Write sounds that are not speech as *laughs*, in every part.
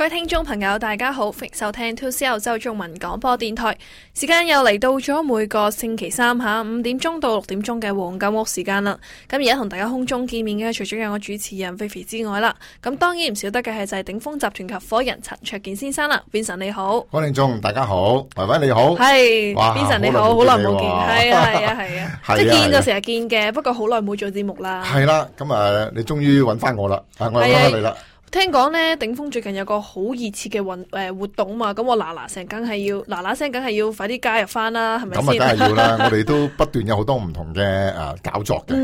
各位聽眾朋友，大家好，歡迎收聽 To Seal 澳洲中文廣播電台，時間又嚟到咗每個星期三下午五點鐘到六點鐘嘅黃金屋時間啦。咁而家同大家空中見面嘅，除咗有我主持人菲菲之外啦，咁當然唔少得嘅係就係鼎豐集團合伙人陳焯楗先生啦。Vincent 你好，各位聽眾大家好，喂喂，你好，係，Vincent 你，你好，好耐冇見，係啊係啊係啊，是啊即係見就成日見嘅，啊啊、不過好耐冇做節目啦。係啦，咁啊，uh, 你終於揾翻我啦，我又揾翻你啦。聽講咧，頂峰最近有個好熱切嘅運、呃、活動嘛，咁我嗱嗱聲，梗係要嗱嗱聲，梗係要快啲加入翻啦，係咪咁啊？梗係要啦！ *laughs* 我哋都不斷有好多唔同嘅誒、啊、搞作嘅咁、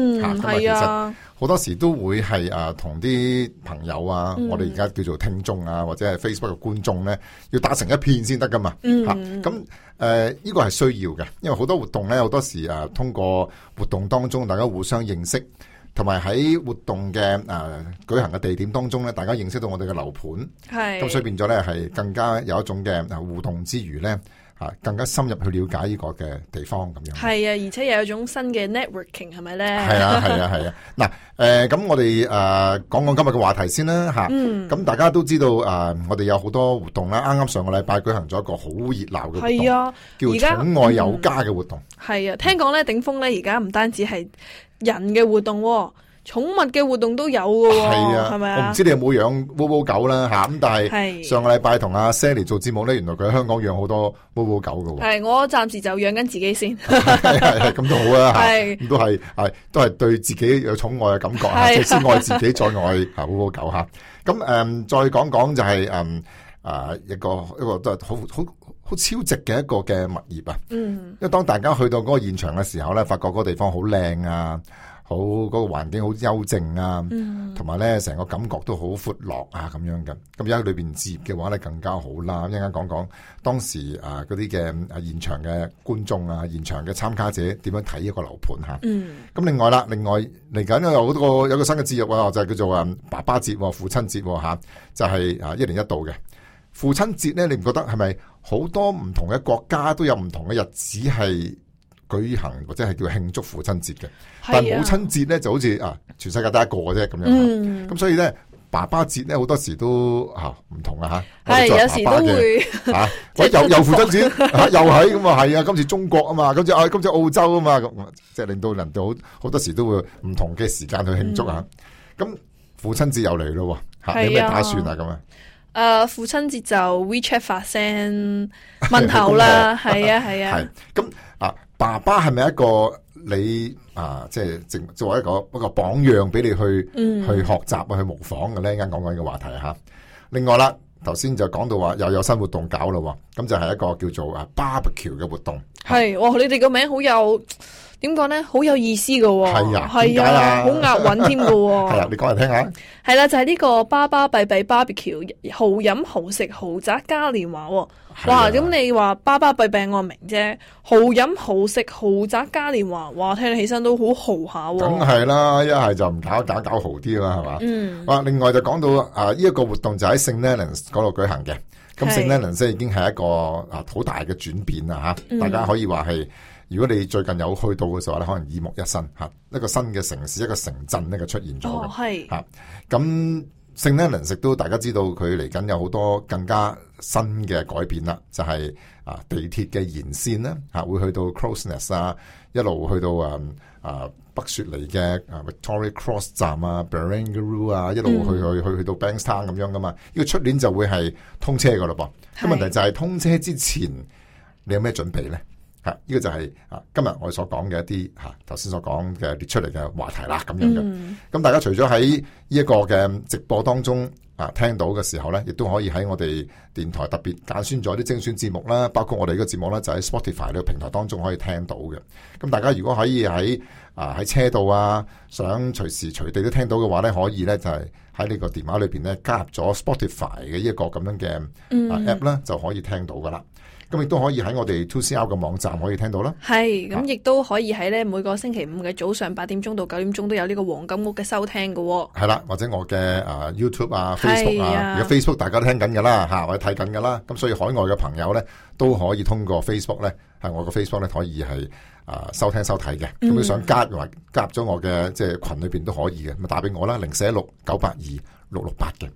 嗯、啊，好多時都會係誒同啲朋友啊，嗯、我哋而家叫做聽眾啊，或者係 Facebook 嘅觀眾咧，要打成一片先得噶嘛咁誒，呢、嗯啊呃呢個係需要嘅，因為好多活動咧，好多時、啊、通過活動當中，大家互相認識。同埋喺活動嘅啊、呃、舉行嘅地點當中咧，大家認識到我哋嘅樓盤，係，咁所以變咗咧係更加有一種嘅互動之餘咧。吓，更加深入去了解呢個嘅地方咁樣。係啊，而且又有一種新嘅 networking 係咪咧？係啊，係啊，係啊。嗱， *laughs* 誒、呃，咁我哋誒講講今日嘅話題先啦，吓、啊。咁、嗯、大家都知道誒、呃，我哋有好多活動啦。啱啱上個禮拜舉行咗一個好熱鬧嘅活動，啊、叫“寵愛有家」嘅活動。係、嗯、啊，聽講咧頂峰咧，而家唔單止係人嘅活動、哦。寵物嘅活動都有嘅喎，係啊，係咪吧啊？我唔知你有冇養汪汪狗啦吓，咁但係上個禮拜同阿 Sally 做節目咧，原來佢喺香港養好多汪汪狗嘅。係我暫時就養緊自己先，係，係咁都好啦，係都係，係都係對自己有寵愛嘅感覺啊，即係先愛自己 *laughs* 再愛窩窩啊汪汪狗吓。咁誒，再講講就係誒誒一個一個都係好好好超值嘅一個嘅物業啊。嗯，因為當大家去到嗰個現場嘅時候咧，發覺嗰個地方好靚啊。好嗰、那個環境好幽靜啊，同埋咧成個感覺都好闊落啊咁樣嘅。咁而家裏面節嘅話咧更加好啦。講一陣間講講當時啊嗰啲嘅現場嘅觀眾啊，現場嘅參加者點樣睇一個樓盤嚇、啊。咁、嗯、另外啦，另外嚟緊有好多有個新嘅節日啊，就係、是、叫做啊爸爸節、啊、父親節吓、啊，就係、是、啊一年一度嘅父親節咧。你唔覺得係咪好多唔同嘅國家都有唔同嘅日子係？舉行或者係叫慶祝父親節嘅，但係母親節咧就好似啊全世界得一個嘅啫咁樣，咁所以咧爸爸節咧好多時都吓唔同啊吓，係有時都會吓，喂又又父親節又係咁啊係啊，今次中國啊嘛，今次啊今次澳洲啊嘛，咁即係令到人哋好好多時都會唔同嘅時間去慶祝啊，咁父親節又嚟咯，吓你有咩打算啊咁啊？誒父親節就 WeChat 發聲問候啦，係啊係啊，係咁嗱。爸爸係咪一個你啊，即係做做一個一個榜樣俾你去、嗯、去學習啊，去模仿嘅咧？啱講緊呢個話題吓。另外啦，頭先就講到話又有新活動搞咯，咁就係一個叫做啊 barbecue 嘅活動。係，你哋個名好有點講咧，好有意思喎。係啊，係啊，好、啊、押韻添喎。係 *laughs* 啊，你講嚟聽一下。係啦、啊，就係、是、呢個爸爸閉閉 barbecue，豪飲豪食豪宅嘉年華。哇！咁你話爸爸閉閉 Barbe 橋我明啫，豪飲豪食豪宅嘉年華，哇！聽你起身都好豪下喎、啊。梗係啦，一係就唔搞，搞搞搞豪啲啦，係嘛？嗯。哇！另外就講到啊，呢、這、一個活動就喺 St Leonards 嗰度舉行嘅。咁 St Leonards 即係已經係一個是啊好大嘅轉變啦，吓！大家可以話係，如果你最近有去到嘅時候咧，嗯、可能耳目一新吓、啊，一個新嘅城市，一個城鎮呢就出現咗嘅，係吓咁。St Leonards 都大家知道佢嚟緊有好多更加新嘅改變啦，就係、是、啊地鐵嘅延線啦、啊，嚇、啊、會去到 Crows Nest 啊，一路去到啊啊北雪梨嘅 Victoria Cross 站啊 Barangaroo 啊，一路去、嗯、去去去到 Bankstown 咁樣噶嘛，呢個出年就會係通車噶啦噃。咁是問題就係通車之前你有咩準備呢？呢個就係啊，今日我哋所講嘅一啲嚇頭先所講嘅列出嚟嘅話題啦，咁樣嘅。咁大家除咗喺呢一個嘅直播當中啊聽到嘅時候呢，亦都可以喺我哋電台特別揀選咗啲精選節目啦，包括我哋呢個節目呢，就喺 Spotify 呢個平台當中可以聽到嘅。咁大家如果可以喺啊喺車度啊，想隨時隨地都聽到嘅話呢，可以呢就係喺呢個電話裏邊呢，加入咗 Spotify 嘅呢一個咁樣嘅 App 呢，就可以聽到噶啦、嗯。咁亦都可以喺我哋 Two C L 嘅網站可以聽到啦。係，咁亦都可以喺咧每個星期五嘅早上八點鐘到九點鐘都有呢個黃金屋嘅收聽嘅喎、哦。係啦，或者我嘅、呃、YouTube 啊、Facebook 啊，啊，Facebook 大家都聽緊㗎啦吓，或者睇緊㗎啦，咁所以海外嘅朋友咧都可以通過 Facebook 咧，喺我嘅 Facebook 咧可以係、呃、收聽收睇嘅。咁你、嗯、想加入加入咗我嘅即係群裏面都可以嘅，咁打俾我啦，零四一六九八二六六八嘅。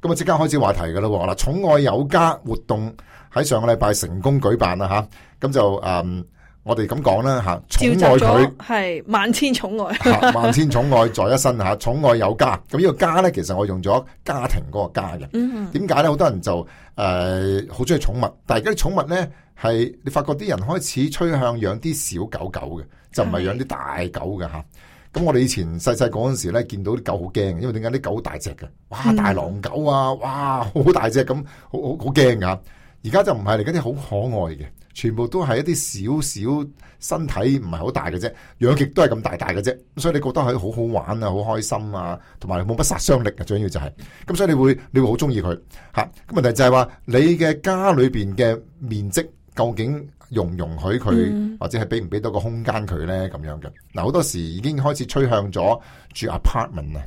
咁啊即刻開始話題嘅啦。嗱，寵愛有家活動。喺上個禮拜成功舉辦啦吓，咁、啊、就誒、嗯，我哋咁講啦吓，寵愛佢係萬千寵愛，萬千寵愛， *laughs* 愛在一身吓，寵愛有家。咁呢個家咧，其實我用咗家庭嗰個家嘅。點解咧？好多人就誒，好中意寵物，但係而家啲寵物咧，係你發覺啲人開始趨向養啲小狗狗嘅，就唔係養啲大狗嘅吓。咁的、啊、我哋以前細細嗰陣時咧，見到啲狗好驚，因為點解啲狗好大隻嘅，哇大狼狗啊，哇好大隻咁，好好驚啊而家就唔係嚟，嗰啲好可愛嘅，全部都係一啲少少身體唔係好大嘅啫，養極都係咁大大嘅啫，所以你覺得佢好好玩啊，好開心啊，同埋冇乜殺傷力啊，最主要就係、是，咁所以你會你會好中意佢吓，咁問題就係話你嘅家裏邊嘅面積究竟容唔容許佢，或者係俾唔俾到個空間佢咧咁樣嘅。嗱，好多時已經開始趨向咗住 apartment 啦。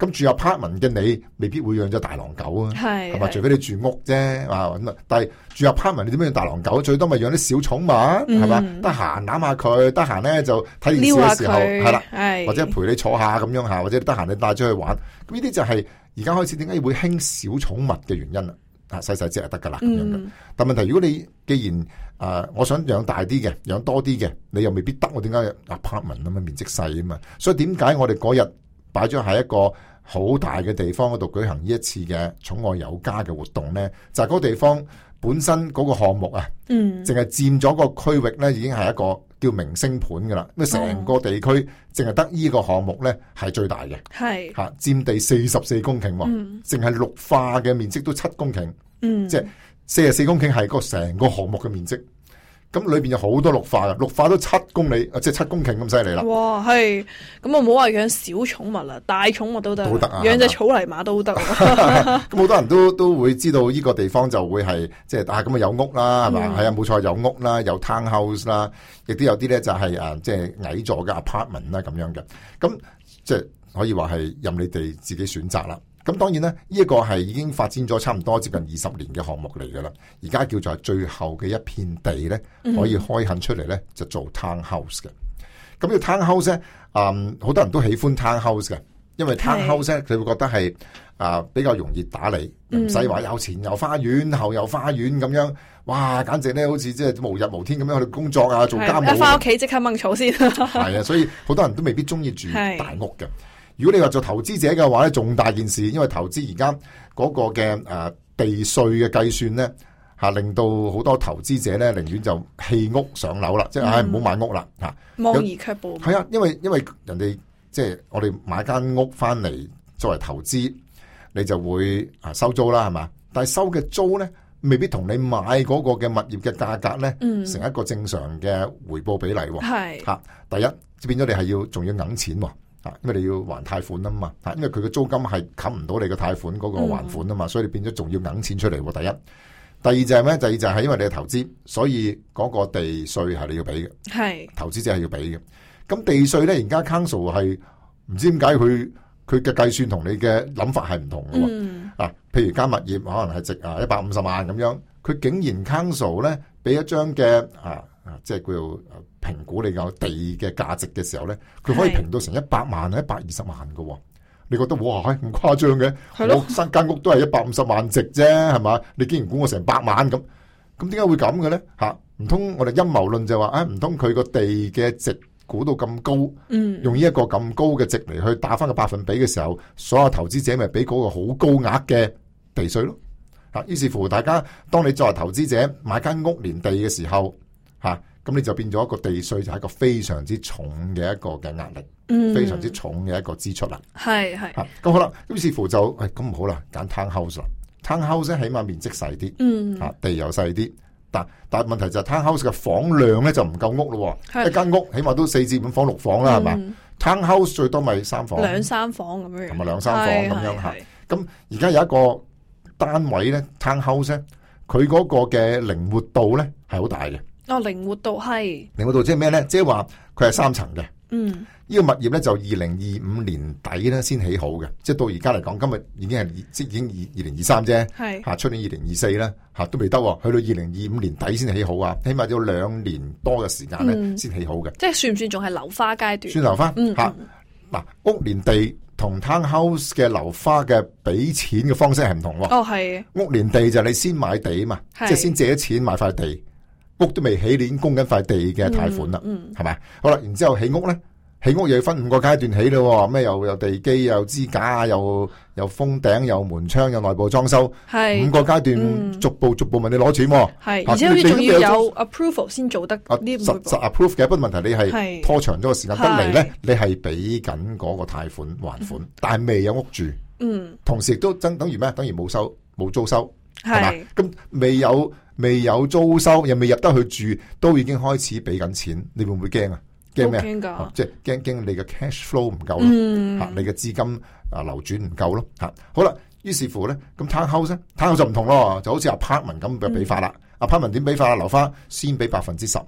咁住入 partment 嘅你，未必會養咗大狼狗啊，係嘛吧？吧除非你住屋啫，啊咁啊！但係住入 partment，你點樣養大狼狗？最多咪養啲小寵物，係嘛，嗯？得閒攬下佢，得閒咧就睇電視嘅時候，係啦，或者陪你坐下咁樣吓，或者得閒你帶出去玩。咁呢啲就係而家開始點解會興小寵物嘅原因啦。啊，細細隻就得噶啦咁樣嘅。嗯，但問題如果你既然誒，呃，我想養大啲嘅，養多啲嘅，你又未必得。我點解？啊，partment 咁面積細啊嘛。所以點解我哋嗰日？擺咗喺一個好大嘅地方嗰度舉行呢一次嘅寵愛有家嘅活動呢，就係嗰個地方本身嗰個項目啊，淨係佔咗個區域呢已經係一個叫明星盤噶啦。咁成個地區淨係得呢個項目呢係最大嘅，係吓佔地四十四公頃喎，淨係綠化嘅面積都七公頃，即係四十四公頃係個成個項目嘅面積。咁裏邊有好多綠化嘅，綠化都七公里，啊，即係七公頃咁犀利啦！哇，係咁啊，唔好話養小寵物啦，大寵物都得，都得啊，養隻草泥馬都得。咁好多人都都會知道呢個地方就會係即係，啊，咁啊有屋啦，係嘛、嗯，係啊，冇錯，有屋啦，有 townhouse 啦，亦都有啲咧就係即係矮座嘅 apartment 啦，咁樣嘅，咁即係可以話係任你哋自己選擇啦。咁當然啦，呢、這、一個係已經發展咗差唔多接近二十年嘅項目嚟噶啦，而家叫做係最後嘅一片地咧，可以開墾出嚟咧，就做 townhouse 嘅。咁嘅 townhouse 咧，好、嗯、多人都喜歡 townhouse 嘅，因為 townhouse 咧，佢是會覺得係啊、呃、比較容易打理，唔使話有前有花園後有花園咁樣，哇！簡直咧好似即係無日無天咁樣去工作啊，做家務是，對一翻屋企即刻掹草先。係 *laughs* 啊，所以好多人都未必中意住大屋嘅。如果你話做投資者嘅話咧，重大件事，因為投資而家嗰個嘅誒地稅嘅計算咧吓，令到好多投資者咧寧願就棄屋上樓啦，嗯、即係唔好買屋啦吓。望而卻步。係啊，因為因為人哋即係我哋買間屋翻嚟，作為投資，你就會啊收租啦，係嘛？但係收嘅租咧，未必同你買嗰個嘅物業嘅價格咧，嗯，成一個正常嘅回報比例喎。係吓、嗯，第一，即變咗你係要仲要揞錢。啊，因為你要還貸款啊嘛，啊，因為佢嘅租金係冚唔到你嘅貸款嗰個還款啊嘛，嗯、所以你變咗仲要揞錢出嚟喎。第一，第二就係咩？第二就係因為你嘅投資，所以嗰個地稅係你要俾嘅，係是投資者係要俾嘅。咁地稅咧，而家 Council 係唔知點解佢佢嘅計算同你嘅諗法係唔同嘅。嗯，啊，譬如間物業可能係值啊一百五十萬咁樣，佢竟然 Council 咧俾一張嘅啊。即係佢又評估你有地嘅價值嘅時候咧，佢可以評到成一百萬啊，一百二十萬噶。你覺得哇，咁誇張嘅？我三間屋都係一百五十萬值啫，係嘛？你竟然估我成百萬咁，咁點解會咁嘅咧？吓，唔通我哋陰謀論就話，啊，唔通佢個地嘅值估到咁高，用呢一個咁高嘅值嚟去打翻個百分比嘅時候，所有投資者咪俾嗰個好高額嘅地稅咯？吓，於是乎，大家當你作為投資者買間屋連地嘅時候。嚇，咁你就變咗一個地稅，就係一個非常之重嘅一個嘅壓力，非常之重嘅一個支出啦。係係嚇，咁好啦，咁似乎就咁唔好啦，揀 townhouse 啦。townhouse 咧，起碼面積細啲，嚇，地又細啲，但但問題就係 townhouse 嘅房量咧就唔夠屋咯。一間屋起碼都四至五房六房啦，係嘛？townhouse 最多咪三房兩三房咁樣，同埋兩三房咁樣嚇。咁而家有一個單位咧，townhouse 咧佢嗰個嘅靈活度咧係好大嘅。哦，靈活度係靈活度，即係咩咧？即係話佢係三層嘅。嗯，呢個物業咧就二零二五年底咧先起好嘅，即係到而家嚟講，今日已經係即已經二零二三啫。係嚇是，出、啊、年二零二四咧嚇都未得到，去到二零二五年底先起好啊！起碼要兩年多嘅時間咧先、嗯、起好嘅。即係算唔算仲係樓花階段？算樓花嚇。嗱、嗯嗯啊，屋連地同 townhouse 嘅樓花嘅俾錢嘅方式係唔同喎。哦，係。屋連地就係你先買地啊嘛，是即係先借咗錢買塊地。屋都未起，你已經供緊塊地嘅貸款啦，係咪？好啦，然之後起屋咧，起屋又要分五個階段起咯，咩又有地基，又支架，又有封頂，有門窗，有內部裝修，係五個階段逐步逐步問你攞錢，係，而且你仲要有 approval 先做得，實實 approval 嘅，不過問題你係拖長咗個時間得嚟，咧，你係俾緊嗰個貸款還款，但係未有屋住，嗯，同時亦都等等於咩？等於冇收冇租收，係嘛？咁未有。未有租收，又未入得去住，都已經開始俾緊錢，你會唔會驚啊？驚咩啊？即係驚驚你嘅 cash flow 唔夠咯，mm. 你嘅資金啊流轉唔夠咯。吓，好啦，於是乎咧，咁 townhouse 咧 townhouse 就唔同咯，就好似阿 apartment 咁嘅比法啦。阿 apartment 點比法？留翻先俾百分之十，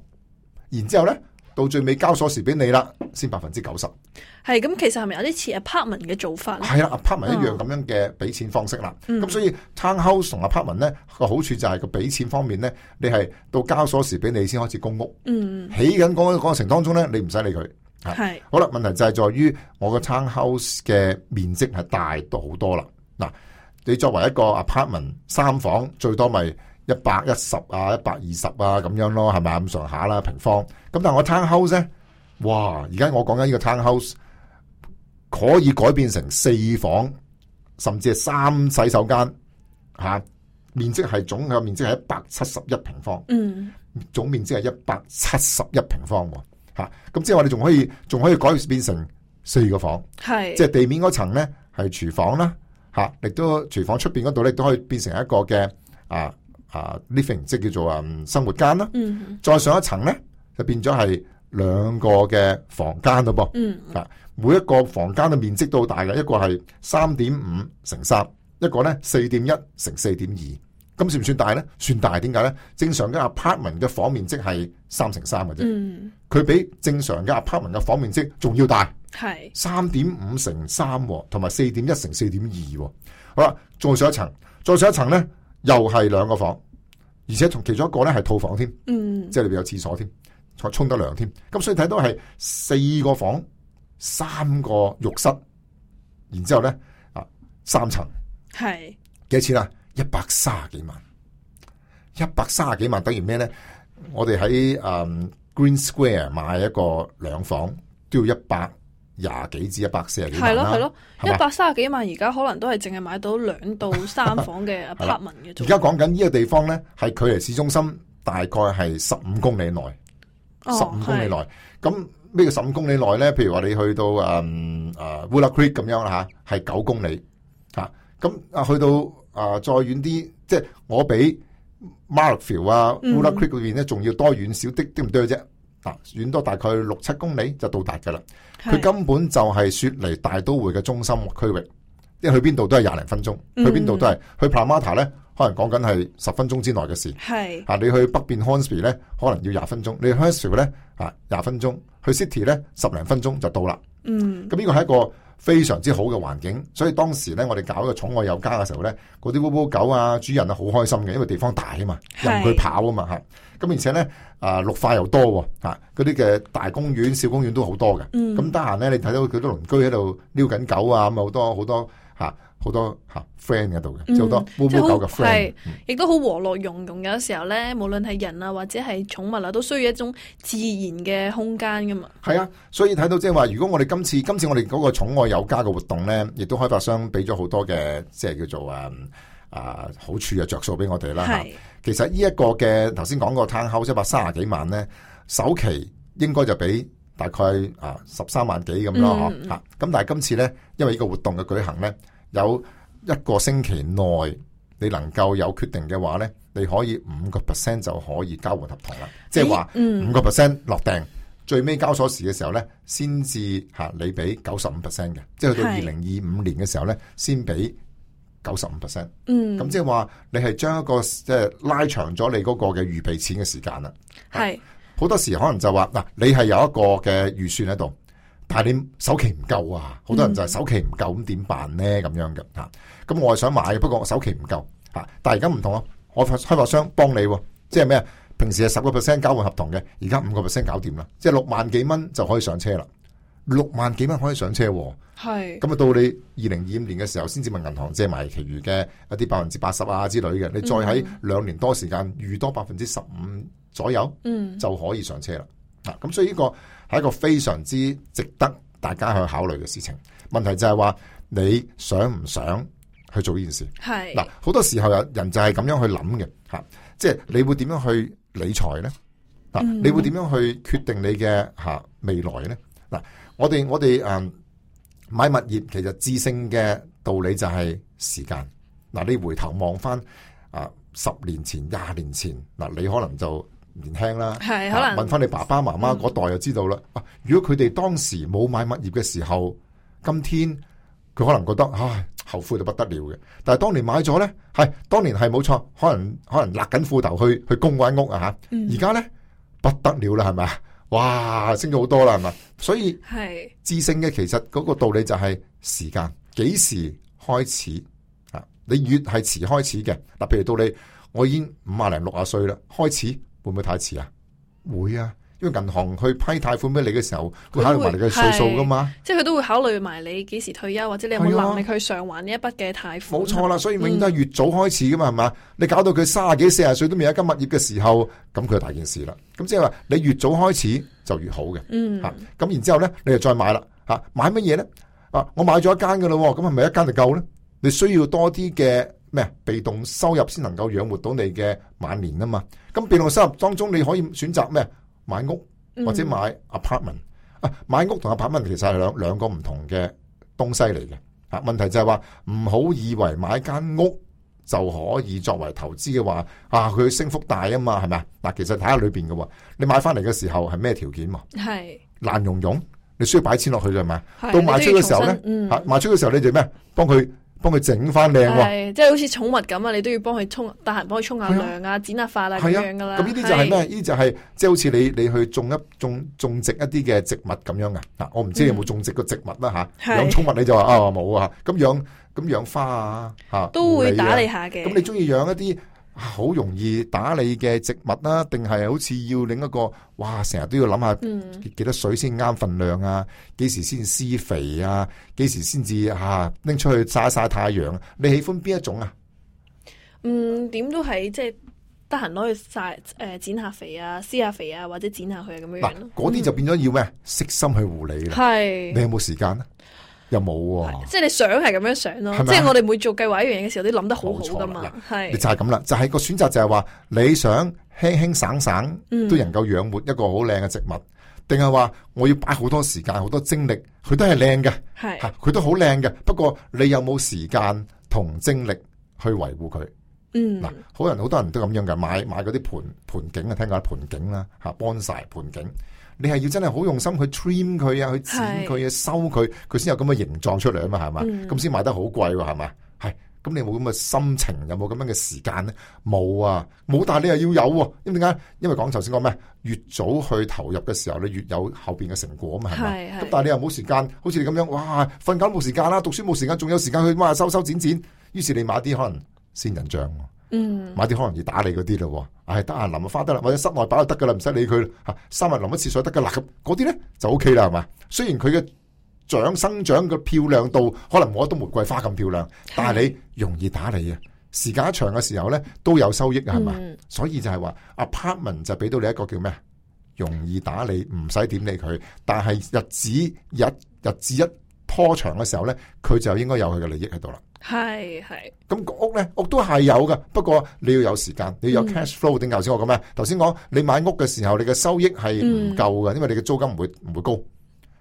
然之後咧。到最尾交鎖匙俾你啦，先百分之九十。係咁，其實係咪有啲似 apartment 嘅做法咧？係啦，apartment 一樣咁樣嘅俾錢方式啦。咁、嗯、所以 townhouse 同 apartment 咧，個好處就係個俾錢方面咧，你係到交鎖匙俾你先開始供屋。嗯，起緊個過程當中咧，你唔使理佢。係。是好啦，問題就係在於我個 townhouse 嘅面積係大到好多啦。嗱，你作為一個 apartment 三房，最多咪、就是？一百一十啊，一百二十啊，咁樣咯，係咪咁上下啦，平方。咁但係我 townhouse 咧，哇！而家我講緊呢個 townhouse 可以改變成四房，甚至係三洗手間。吓、啊，面積係總嘅面積係一百七十一平方。嗯，總面積係一百七十一平方。吓、啊，咁即係我哋仲可以仲可以改變成四個房。係是，即係地面嗰層咧係廚房啦。吓、啊，亦都廚房出邊嗰度咧都可以變成一個嘅啊。啊！Living 即叫做啊生活間啦，再上一層咧就變咗係兩個嘅房間咯，噉啊，每一個房間嘅面積都好大嘅，一個係三點五乘三，一個咧四點一乘四點二，咁算唔算大咧？算大，點解咧？正常嘅 apartment 嘅房面積係三乘三嘅啫，佢比正常嘅 apartment 嘅房面積仲要大，係三點五乘三同埋四點一乘四點二，好啦，再上一層，再上一層咧。又係兩個房，而且同其中一個咧係套房添，嗯、即係裏邊有廁所添，再沖得涼添。咁所以睇到係四個房，三個浴室，然之後咧啊，三層，係幾多錢啊？一百三十幾萬，一百三十幾萬等於咩咧？我哋喺誒 Green Square 買一個兩房都要一百。廿幾至一百四十幾萬係咯係咯，吧一百三十幾萬而家可能都係淨係買到兩到三房嘅柏文嘅。而家講緊呢個地方咧，係佢離市中心大概係十五公里內，十五、哦、公里內。咁呢個十五公里內咧，譬如話你去到誒誒、嗯呃、Wolli Creek 咁樣啦吓，係、啊、九公里吓。咁啊,啊去到啊、呃、再遠啲，即係我比 Marfield 啊、嗯、Wolli Creek 裏面咧，仲要多遠少啲，都唔多啫。啊，遠多大概六七公里就到達㗎啦。佢根本就係雪梨大都會嘅中心區域，因為去邊度都係廿零分鐘，去邊度都係去 Parramatta 咧，可能講緊係十分鐘之內嘅事。啊，你去北邊 Hornsby 呢，咧，可能要廿分鐘；你去 Hurstville 咧啊，廿分鐘；去 City 咧十零分鐘就到啦。嗯，咁呢個係一個非常之好嘅環境，所以當時咧我哋搞一個寵愛有家嘅時候咧，嗰啲烏烏狗啊、主人啊好開心嘅，因為地方大啊嘛，任佢跑啊嘛吓。咁而且咧，啊、呃、綠化又多喎，嗰啲嘅大公園、小公園都好多嘅。咁得閒咧，你睇到佢都鄰居喺度撩緊狗啊，咁好多好多吓，好、啊、多吓、啊啊、friend 喺度嘅，嗯、即好多貓貓狗嘅 friend 是。亦、嗯、都好和樂融融融。有時候咧，無論係人啊，或者係寵物啊，都需要一種自然嘅空間噶嘛。係啊，所以睇到即係話，如果我哋今次今次我哋嗰個寵愛有家嘅活動咧，亦都開發商俾咗好多嘅即係叫做誒、啊啊、好處嘅着數俾我哋啦，係。其實呢一個嘅頭先講個攤口一百三十幾萬呢，首期應該就俾大概啊十三萬幾咁咯嗬。吓、嗯，咁但係今次呢，因為呢個活動嘅舉行呢，有一個星期內你能夠有決定嘅話呢，你可以五個 percent 就可以交換合同啦。即係話五個 percent 落訂，訂嗯、最尾交鎖匙嘅時候呢，先至吓你俾九十五 percent 嘅，即係去到二零二五年嘅時候呢，是先俾。九十五 percent，咁即係話你係將一個即係拉長咗你嗰個嘅預備錢嘅時間啦。係好多時可能就話嗱，你係有一個嘅預算喺度，但係你首期唔夠啊！好多人就係首期唔夠咁點辦咧？咁樣嘅吓，咁我係想買，嘅不過我首期唔夠吓，但係而家唔同咯，我開發商幫你，即係咩啊？平時係十個 percent 交換合同嘅，而家五個 percent 搞掂啦，即係六萬幾蚊就可以上車啦。六萬幾蚊可以上車，係咁啊！到你二零二五年嘅時候，先至問銀行借埋其餘嘅一啲百分之八十啊之類嘅，嗯、你再喺兩年多時間預多百分之十五左右，嗯，就可以上車啦。咁所以呢個係一個非常之值得大家去考慮嘅事情。問題就係話你想唔想去做呢件事？係嗱是，好多時候人就係咁樣去諗嘅，吓，即係你會點樣去理財呢？嗱、嗯，你會點樣去決定你嘅吓未來呢？嗱。我哋我哋誒、嗯、買物業其實致勝嘅道理就係時間嗱，你回頭望翻啊十年前廿年前嗱、呃，你可能就年輕啦，係可能、啊、問翻你爸爸媽媽嗰代就知道啦。嗯、如果佢哋當時冇買物業嘅時候，今天佢可能覺得唉後悔到不得了嘅。但係當年買咗咧，係當年係冇錯，可能可能勒緊褲頭去去供間屋啊吓，而家咧不得了啦，係咪啊？哇，升咗好多啦，係嘛？所以知升嘅，其實嗰個道理就係時間，幾時開始啊？你越係遲開始嘅，嗱，譬如到你我已經五啊零六啊歲啦，開始會唔會太遲啊？會啊。因為銀行去批貸款俾你嘅時候，佢考慮埋你嘅歲數噶嘛，即係佢都會考慮埋你幾時退休或者你有冇能力去償還呢一筆嘅貸款。冇錯、啊、啦，所以永遠都係越早開始噶嘛，係嘛、嗯？你搞到佢卅幾四十歲都未有一間物業嘅時候，咁佢就大件事啦。咁即係話你越早開始就越好嘅。嗯、咁、啊、然之後咧，你就再買啦。吓、啊，買乜嘢咧？啊，我買咗一間噶啦，咁係咪一間就夠咧？你需要多啲嘅咩被動收入先能夠養活到你嘅晚年啊嘛？咁被動收入當中你可以選擇咩？買屋或者買 apartment、嗯、啊，買屋同 apartment 其實係兩兩個唔同嘅東西嚟嘅。啊，問題就係話唔好以為買間屋就可以作為投資嘅話，啊，佢升幅大啊嘛，係咪啊？嗱，其實睇下裏邊嘅，你買翻嚟嘅時候係咩條件啊？係爛融融，你需要擺錢落去嘅係咪？是到賣出嘅時候咧，嗯、啊，賣出嘅時候你就咩？幫佢。幫佢整翻靚，係即係好似寵物咁啊！你都要幫佢沖，得閒幫佢沖下涼啊，的剪下髮啦、啊，咁的樣噶啦。咁呢啲的就係、是、咩？呢啲就係即係好似你你去種一種種植一啲嘅植物咁樣啊！嗱，我唔知你有冇種植過植物啦吓，養寵物你就話啊冇啊，咁養咁養花啊吓，啊都會打理下嘅。咁你中意養一啲？好、啊、容易打理嘅植物啦、啊，定係好似要另一個哇，成日都要諗下幾多水先啱份量啊，幾、嗯、時先施肥啊，幾時先至吓拎出去曬曬太陽？你喜歡邊一種啊？嗯，點都係即係得閒攞去曬誒、呃，剪下肥啊，施下肥啊，或者剪下佢咁、啊、樣嗱、啊，嗰啲、啊、就變咗要咩？悉、嗯、心去護理啦，係是你有冇時間咧？又冇喎、啊，即係你想係咁樣想咯，吧即係我哋每做計劃一樣嘢嘅時候，都諗得好好噶嘛，係你就係咁啦，就係個選擇就係話你想輕輕省省都能夠養活一個好靚嘅植物，定係話我要擺好多時間好多精力，佢都係靚嘅，係佢是都好靚嘅，不過你有冇時間同精力去維護佢？嗯，嗱，好人好多人都咁樣嘅，買買嗰啲盆盆景，盤景啊，聽過盆景啦吓，幫晒盆景。你係要真係好用心去 trim 佢啊，去剪佢啊，收佢，佢先有咁嘅形狀出嚟啊嘛，係嘛？咁先賣得好貴喎，係嘛？係，咁你冇咁嘅心情，有冇咁樣嘅時間咧？冇啊，冇。但係你又要有喎，啊，因為點解？因為講頭先講咩？越早去投入嘅時候，你越有後邊嘅成果啊嘛，係嘛？咁但係你又冇時間，好似你咁樣，哇！瞓覺冇時間啦，讀書冇時間，仲有時間去哇收收剪剪，於是你買啲可能仙人掌。嗯，買啲可能容易打理嗰啲咯，唉得閒淋下花得啦，或者室內擺就得噶啦，唔使理佢啦，吓三日淋一次水得噶啦，咁嗰啲咧就 OK 啦係嘛。雖然佢嘅長生長嘅漂亮度可能冇一朵玫瑰花咁漂亮，是但係你容易打理啊。時間一長嘅時候咧，都有收益呀係嘛。嗯，所以就係話，apartment 就俾到你一個叫咩，容易打理，唔使點理佢，但係日子日日子一拖長嘅時候咧，佢就應該有佢嘅利益喺度啦。係係咁屋咧，屋都係有噶，不過你要有時間，你要有 cash flow、嗯。定頭先我講咩？頭先講你買屋嘅時候，你嘅收益係唔夠噶，嗯、因為你嘅租金唔會唔會高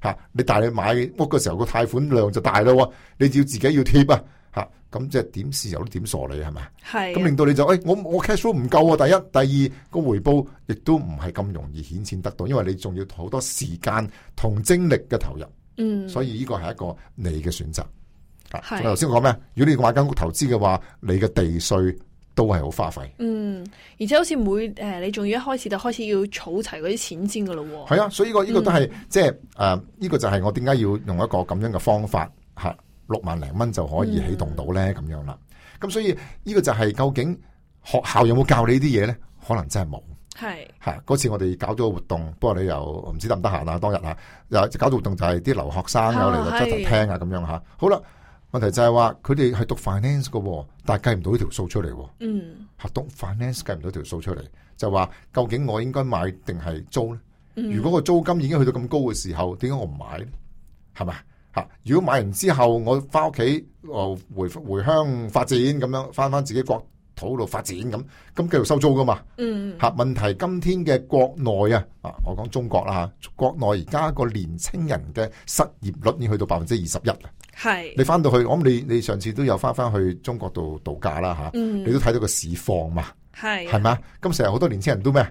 吓、啊。你但係買屋嘅時候，個貸款量就大咯。你要自己要貼啊吓，咁即係點豉油都點傻你係咪？係咁、啊、令到你就誒、哎，我我 cash flow 唔夠啊！第一，第二個回報亦都唔係咁容易顯見得到，因為你仲要好多時間同精力嘅投入。嗯，所以呢個係一個你嘅選擇。係，頭先講咩？如果你要買間屋投資嘅話，你嘅地稅都係好花費。嗯，而且好似每誒、呃，你仲要一開始就開始要儲齊嗰啲錢先噶咯。係啊，所以、這個呢、這個都係、嗯、即係誒，呢、呃這個就係我點解要用一個咁樣嘅方法，吓、啊、六萬零蚊就可以起動到咧，咁、嗯、樣啦。咁所以呢個就係究竟學校有冇教你呢啲嘢咧？可能真係冇。係是，吓嗰次我哋搞咗個活動，不過你又唔知得唔得閒啊？當日啊，又搞到活動就係啲留學生有、啊、嚟、啊、就出嚟聽啊，咁樣吓。好啦。問題就係話佢哋係讀 finance 嘅，但係計唔到呢條數出嚟。嗯，吓、啊、讀 finance 計唔到條數出嚟，就話究竟我應該買定係租咧？嗯、如果個租金已經去到咁高嘅時候，點解我唔買咧？係咪吓？如果買完之後我翻屋企，我、呃、回，回，回回鄉發展咁樣，翻翻自己國土度發展咁，咁繼續收租噶嘛？嗯，吓、啊、問題，今天嘅國內啊，啊我講中國啦、啊、吓，國內而家個年青人嘅失業率已經去到百分之二十一係，是你翻到去，我諗你你上次都有翻翻去中國度度假啦吓，嗯、你都睇到個市況嘛，係、啊，係嘛，咁成日好多年輕人都咩，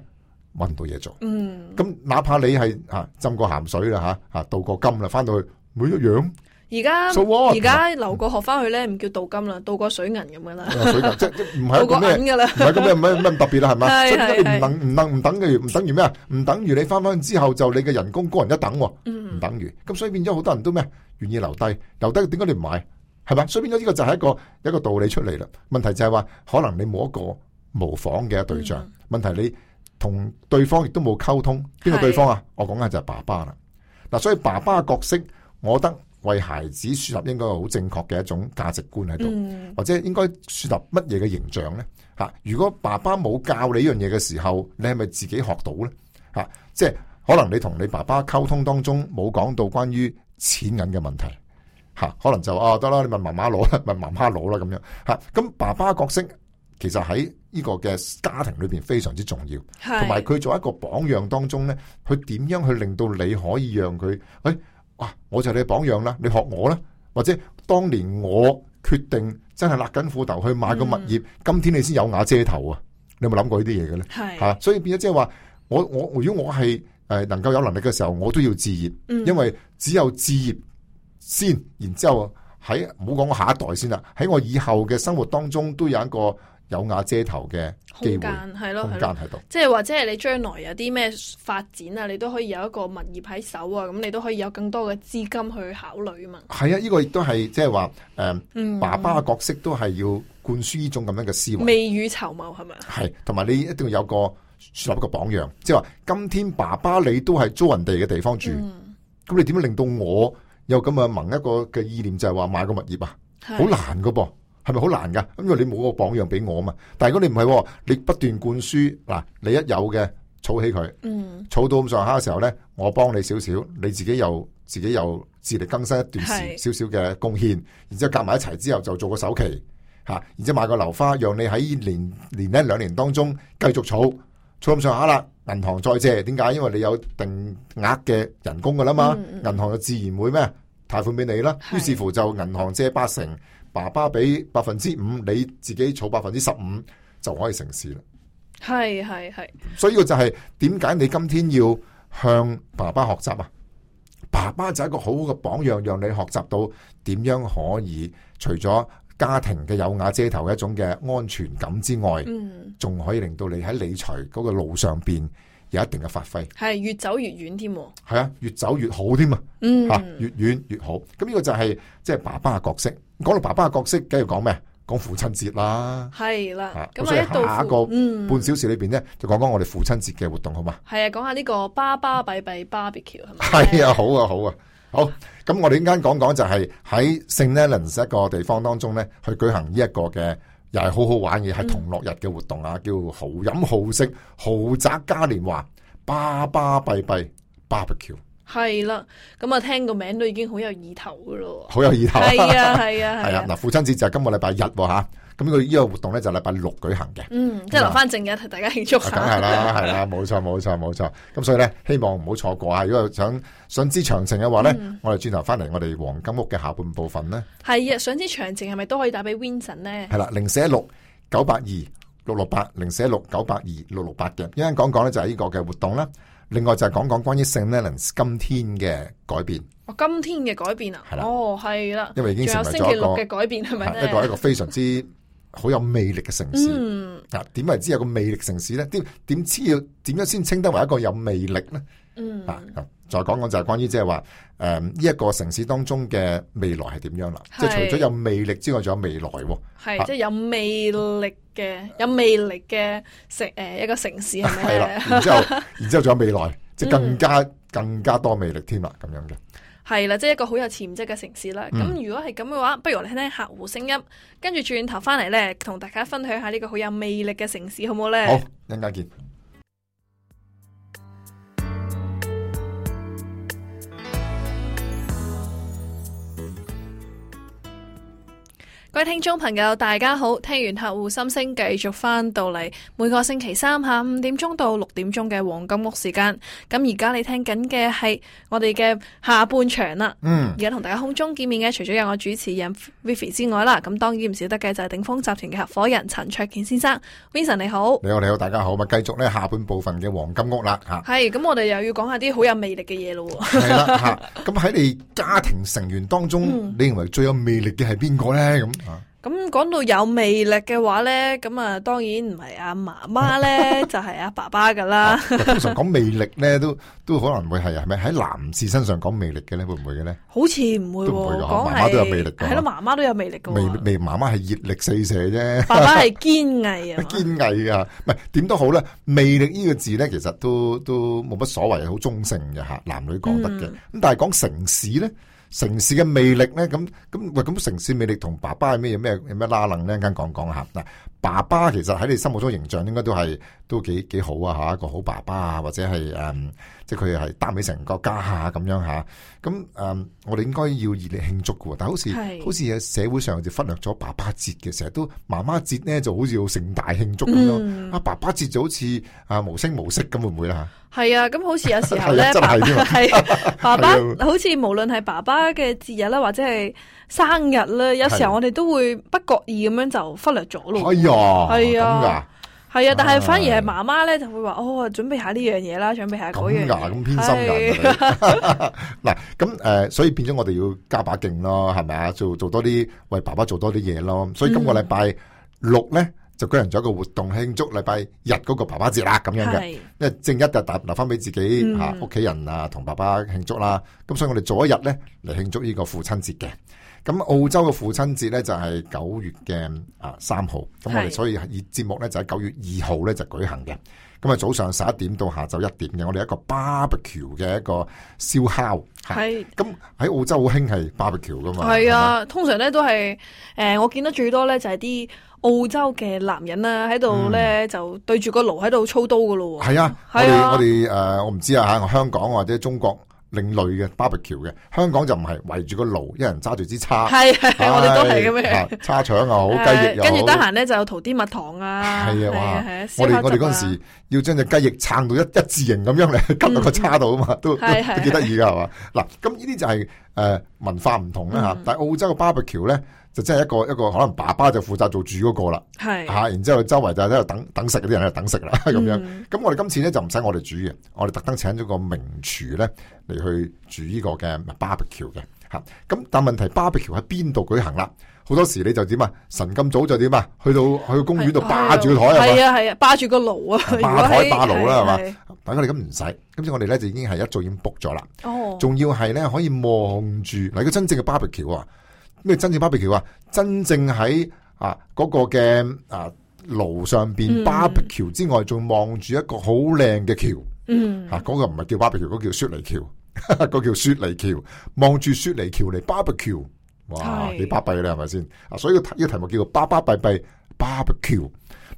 搵唔到嘢做，咁、嗯、哪怕你係吓、啊、浸過鹹水啦吓，吓、啊、渡過金啦，翻到去每一樣。而家而家留個學翻去咧，唔叫鍍金啦，鍍個水銀咁噶啦。水銀即係唔係一個咩嘅啦，唔係咁咩唔咩唔特別啦，係咪？即係你唔等唔等唔等嘅，唔等於咩啊？唔等於你翻翻去之後就你嘅人工高人一等，唔等於。咁所以變咗好多人都咩？願意留低，留低點解你唔買？係嘛？所以變咗呢個就係一個一個道理出嚟啦。問題就係話，可能你冇一個模仿嘅對象，問題你同對方亦都冇溝通。邊個對方啊？我講緊就係爸爸啦。嗱，所以爸爸角色，我覺得。為孩子樹立應該好正確嘅一種價值觀喺度，嗯、或者應該樹立乜嘢嘅形象呢？吓，如果爸爸冇教你呢樣嘢嘅時候，你係咪自己學到呢？吓、啊，即係可能你同你爸爸溝通當中冇講到關於錢銀嘅問題，吓、啊，可能就啊得啦，你問媽媽攞啦，問媽媽攞啦咁樣吓。咁、啊、爸爸角色其實喺呢個嘅家庭裏邊非常之重要，同埋佢做一個榜樣當中呢，佢點樣去令到你可以讓佢誒？哎哇、啊！我就係你嘅榜樣啦，你學我啦，或者當年我決定真係勒緊褲頭去買個物業，嗯、今天你先有瓦遮頭啊！你有冇諗過呢啲嘢嘅咧？係吓是、啊，所以變咗即係話，我我如果我係誒能夠有能力嘅時候，我都要置業，因為只有置業先，然之後喺，唔好講我下一代先啦，喺我以後嘅生活當中都有一個。有瓦遮頭嘅空間係咯，空間喺度，即係或者係你將來有啲咩發展啊，你都可以有一個物業喺手啊，咁你都可以有更多嘅資金去考慮啊嘛。係啊，呢、這個亦都係即係話，誒、嗯，嗯、爸爸嘅角色都係要灌輸呢種咁樣嘅思維，未雨綢繆係咪？係同埋你一定要有個樹立一個榜樣，即係話，今天爸爸你都係租人哋嘅地方住，咁、嗯、你點樣令到我有咁啊盲一個嘅意念，就係話買個物業啊，好是難噶噃、啊。係咪好難噶？咁因為你冇個榜樣俾我嘛。但係如果你唔係、啊，你不斷灌輸嗱、啊，你一有嘅儲起佢，儲、嗯、儲到咁上下嘅時候咧，我幫你少少，你自己又自己又自力更生一段時少少嘅貢獻。然之後夾埋一齊之後就做個首期吓、啊，然之後買個樓花，讓你喺年年一兩年當中繼續儲，儲咁上下啦。銀行再借，點解？因為你有定額嘅人工噶啦嘛，嗯、銀行就自然會咩貸款俾你啦。是於是乎就銀行借八成。爸爸俾百分之五，你自己儲百分之十五就可以成事啦。係係係，所以呢個就係點解你今天要向爸爸學習啊？爸爸就係一個好好嘅榜樣，讓你學習到點樣可以除咗家庭嘅有瓦遮頭一種嘅安全感之外，嗯，仲可以令到你喺理財嗰個路上邊有一定嘅發揮。係越走越遠添，係啊，越走越好添啊。嗯，啊，越遠越好。咁呢個就係即係爸爸嘅角色。講到爸爸嘅角色，梗係要講咩？講父親節啦，係啦的。咁、啊、所以下一個半小時裏邊咧，嗯、就講講我哋父親節嘅活動，好嘛？係啊，講下呢、這個爸爸閉閉 barbecue 係咪？係啊、嗯，好啊，好啊，好。咁我哋陣間講講就係喺 St Leonards 一個地方當中咧，去舉行呢一個嘅又係好好玩嘅，係同樂日嘅活動啊，嗯、叫豪飲豪食豪宅嘉年華，爸爸閉閉 barbecue。係啦，咁啊聽個名都已經好有意頭噶咯，好有意頭。係啊，係啊，係啊。嗱、啊，父親節就係今個禮拜日吓，咁呢呢個活動咧就禮拜六舉行嘅。嗯，啊、即係留翻正日同大家慶祝。梗係、啊、啦，係啦 *laughs* 啊，冇錯，冇錯，冇錯、 *laughs* 啊。咁所以咧，希望唔好錯過啊！如果想想知詳情嘅話咧，嗯、我哋轉頭翻嚟我哋黃金屋嘅下半部分咧。係啊，想知詳情係咪都可以打俾 Vincent 咧？係啦、啊，零四一六九八二六六八零四一六九八二六六八嘅。一陣講講咧，就係呢個嘅活動啦。另外就係講講關於 St Leonards 今天嘅改變，哦，今天嘅改變啊，的哦，係啦，因為已經成為咗一個嘅改變是是，係咪一個一個非常之好有魅力嘅城市。啊、嗯，點為之有個魅力城市咧？點點知要點樣先稱得為一個有魅力咧、嗯？嗯，啊，再講講就係關於即係話，誒，呢一個城市當中嘅未來係點樣啦？的即係除咗有魅力之外，仲有未來，係的、啊、即係有魅力。嘅有魅力嘅誒一個城市係咪？係啦， *laughs* 然之後然之後仲有未來， *laughs* 即係更加更加多魅力添啦，咁樣嘅。係啦，即係一個好有潛質嘅城市啦。咁、嗯、如果係咁嘅話，不如我哋聽聽客戶聲音，跟住轉頭翻嚟咧，同大家分享下呢個好有魅力嘅城市，好唔好咧？好，陣間見。各位聽眾朋友，大家好！聽完客戶心聲，繼續翻到嚟，每個星期三下午五點鐘到六點鐘嘅黃金屋時間。咁而家你在聽緊嘅係我哋嘅下半場啦。嗯。而家同大家空中見面嘅，除咗有我主持人 Vivi 之外啦，咁當然唔少得嘅就係鼎豐集團嘅合夥人陳焯楗先生。Vincent 你好。你好，你好，大家好。咁繼續咧，下半部分嘅黃金屋啦吓。係。咁我哋又要講下啲好有魅力嘅嘢咯。係啦，咁喺你家庭成員當中，嗯、你認為最有魅力嘅係邊個咧？咁？咁講到有魅力嘅話咧，咁啊當然唔係阿媽媽咧，就係阿爸爸噶啦。通常講魅力咧，都都可能會係係咪喺男士身上講魅力嘅咧？會唔會嘅咧？好似唔會，講媽媽都有魅力嘅。係咯，媽媽都有魅力嘅。未未，媽媽係熱力四射啫。爸爸係堅毅啊，堅毅啊，唔係點都好咧。魅力呢個字咧，其實都都冇乜所謂，好中性嘅吓，男女講得嘅。咁但係講城市咧。城市嘅魅力咧，咁咁喂，咁城市魅力同爸爸係咩有咩？有咩拉楞咧？一陣講講嚇。嗱，爸爸其實喺你心目中形象應該都係都幾幾好啊嚇，一個好爸爸啊，或者係誒。Um, 即係佢係擔起成個家下咁樣吓，咁誒、嗯，我哋應該要熱烈慶祝嘅，但係好似是好似喺社會上就忽略咗爸爸節嘅，成日都媽媽節咧就好似要盛大慶祝咁樣，嗯、啊，爸爸節就好似啊無聲無息咁，會唔會啦係啊，咁好似有時候咧，係、 *laughs* 啊 *laughs* 啊、爸爸，啊、好似無論係爸爸嘅節日啦，或者係生日啦，有時候我哋都會不覺意咁樣就忽略咗咯。哎呀，係啊。係啊，但係反而係媽媽咧就會話哦，準備下呢樣嘢啦，準備下嗰樣咁、啊、咁偏心噶。嗱，咁誒、呃，所以變咗我哋要加把勁咯，係咪啊？做做多啲為爸爸做多啲嘢咯。所以今個禮拜六咧就舉行咗一個活動慶祝禮拜日嗰個爸爸節啦，咁樣嘅。的因為正一就留留翻俾自己吓屋企人啊，同爸爸慶祝啦。咁所以我哋早一日咧嚟慶祝呢個父親節嘅。咁澳洲嘅父親節咧就係九月嘅啊三號，咁我哋所以以節目咧就喺九月二號咧就舉行嘅。咁啊是早上十一點到下晝一點嘅，我哋一個 barbecue 嘅一個燒烤。咁喺是澳洲好興係 barbecue 噶嘛。係啊，吧通常咧都係誒、呃，我見得最多咧就係啲澳洲嘅男人啦、嗯，喺度咧就對住個爐喺度操刀噶咯喎。係啊，啊我哋我哋誒，我唔、呃、知啊香港或者中國。另類嘅 barbecue 嘅，香港就唔係圍住個爐，一人揸住支叉，係係我哋都係咁樣，叉腸又好，雞翼又，跟住得閒咧就有塗啲蜜糖啊，係啊，哇！我哋我哋嗰陣時要將隻雞翼撐到一一字形咁樣嚟，跟到個叉度啊嘛，都都幾得意噶係嘛？嗱，咁呢啲就係誒文化唔同啦吓，但係澳洲嘅 barbecue 咧。就即係一個一個可能爸爸就負責做煮嗰、那個啦，係吓是、啊，然之後周圍就喺度等等食嗰啲人喺度等食啦咁樣。咁、嗯、我哋今次咧就唔使我哋煮嘅，我哋特登請咗個名廚咧嚟去煮呢個嘅 barbecue 嘅吓。咁、啊、但問題 barbecue 喺邊度舉行啦？好多時你就點啊？神咁早就點啊？去到去個公園度霸住吧個台呀？係啊係啊，霸住個爐啊，霸台霸爐啦係嘛？但我哋咁唔使，今次我哋咧就已經係一早已經 book 咗啦。哦，仲要係咧可以望住嚟個真正嘅 barbecue 啊！咩真正巴比橋啊？真正喺啊嗰、那個嘅啊爐上邊巴比橋之外，仲望住一個好靚嘅橋。嗯、mm. 啊、吓、那、嗰個唔係叫巴比橋，嗰叫雪梨橋，嗰 *laughs* 叫雪梨橋。望住雪梨橋嚟巴比橋，哇！你巴閉啦，係咪先？所以呢個題目叫做巴巴閉閉巴比橋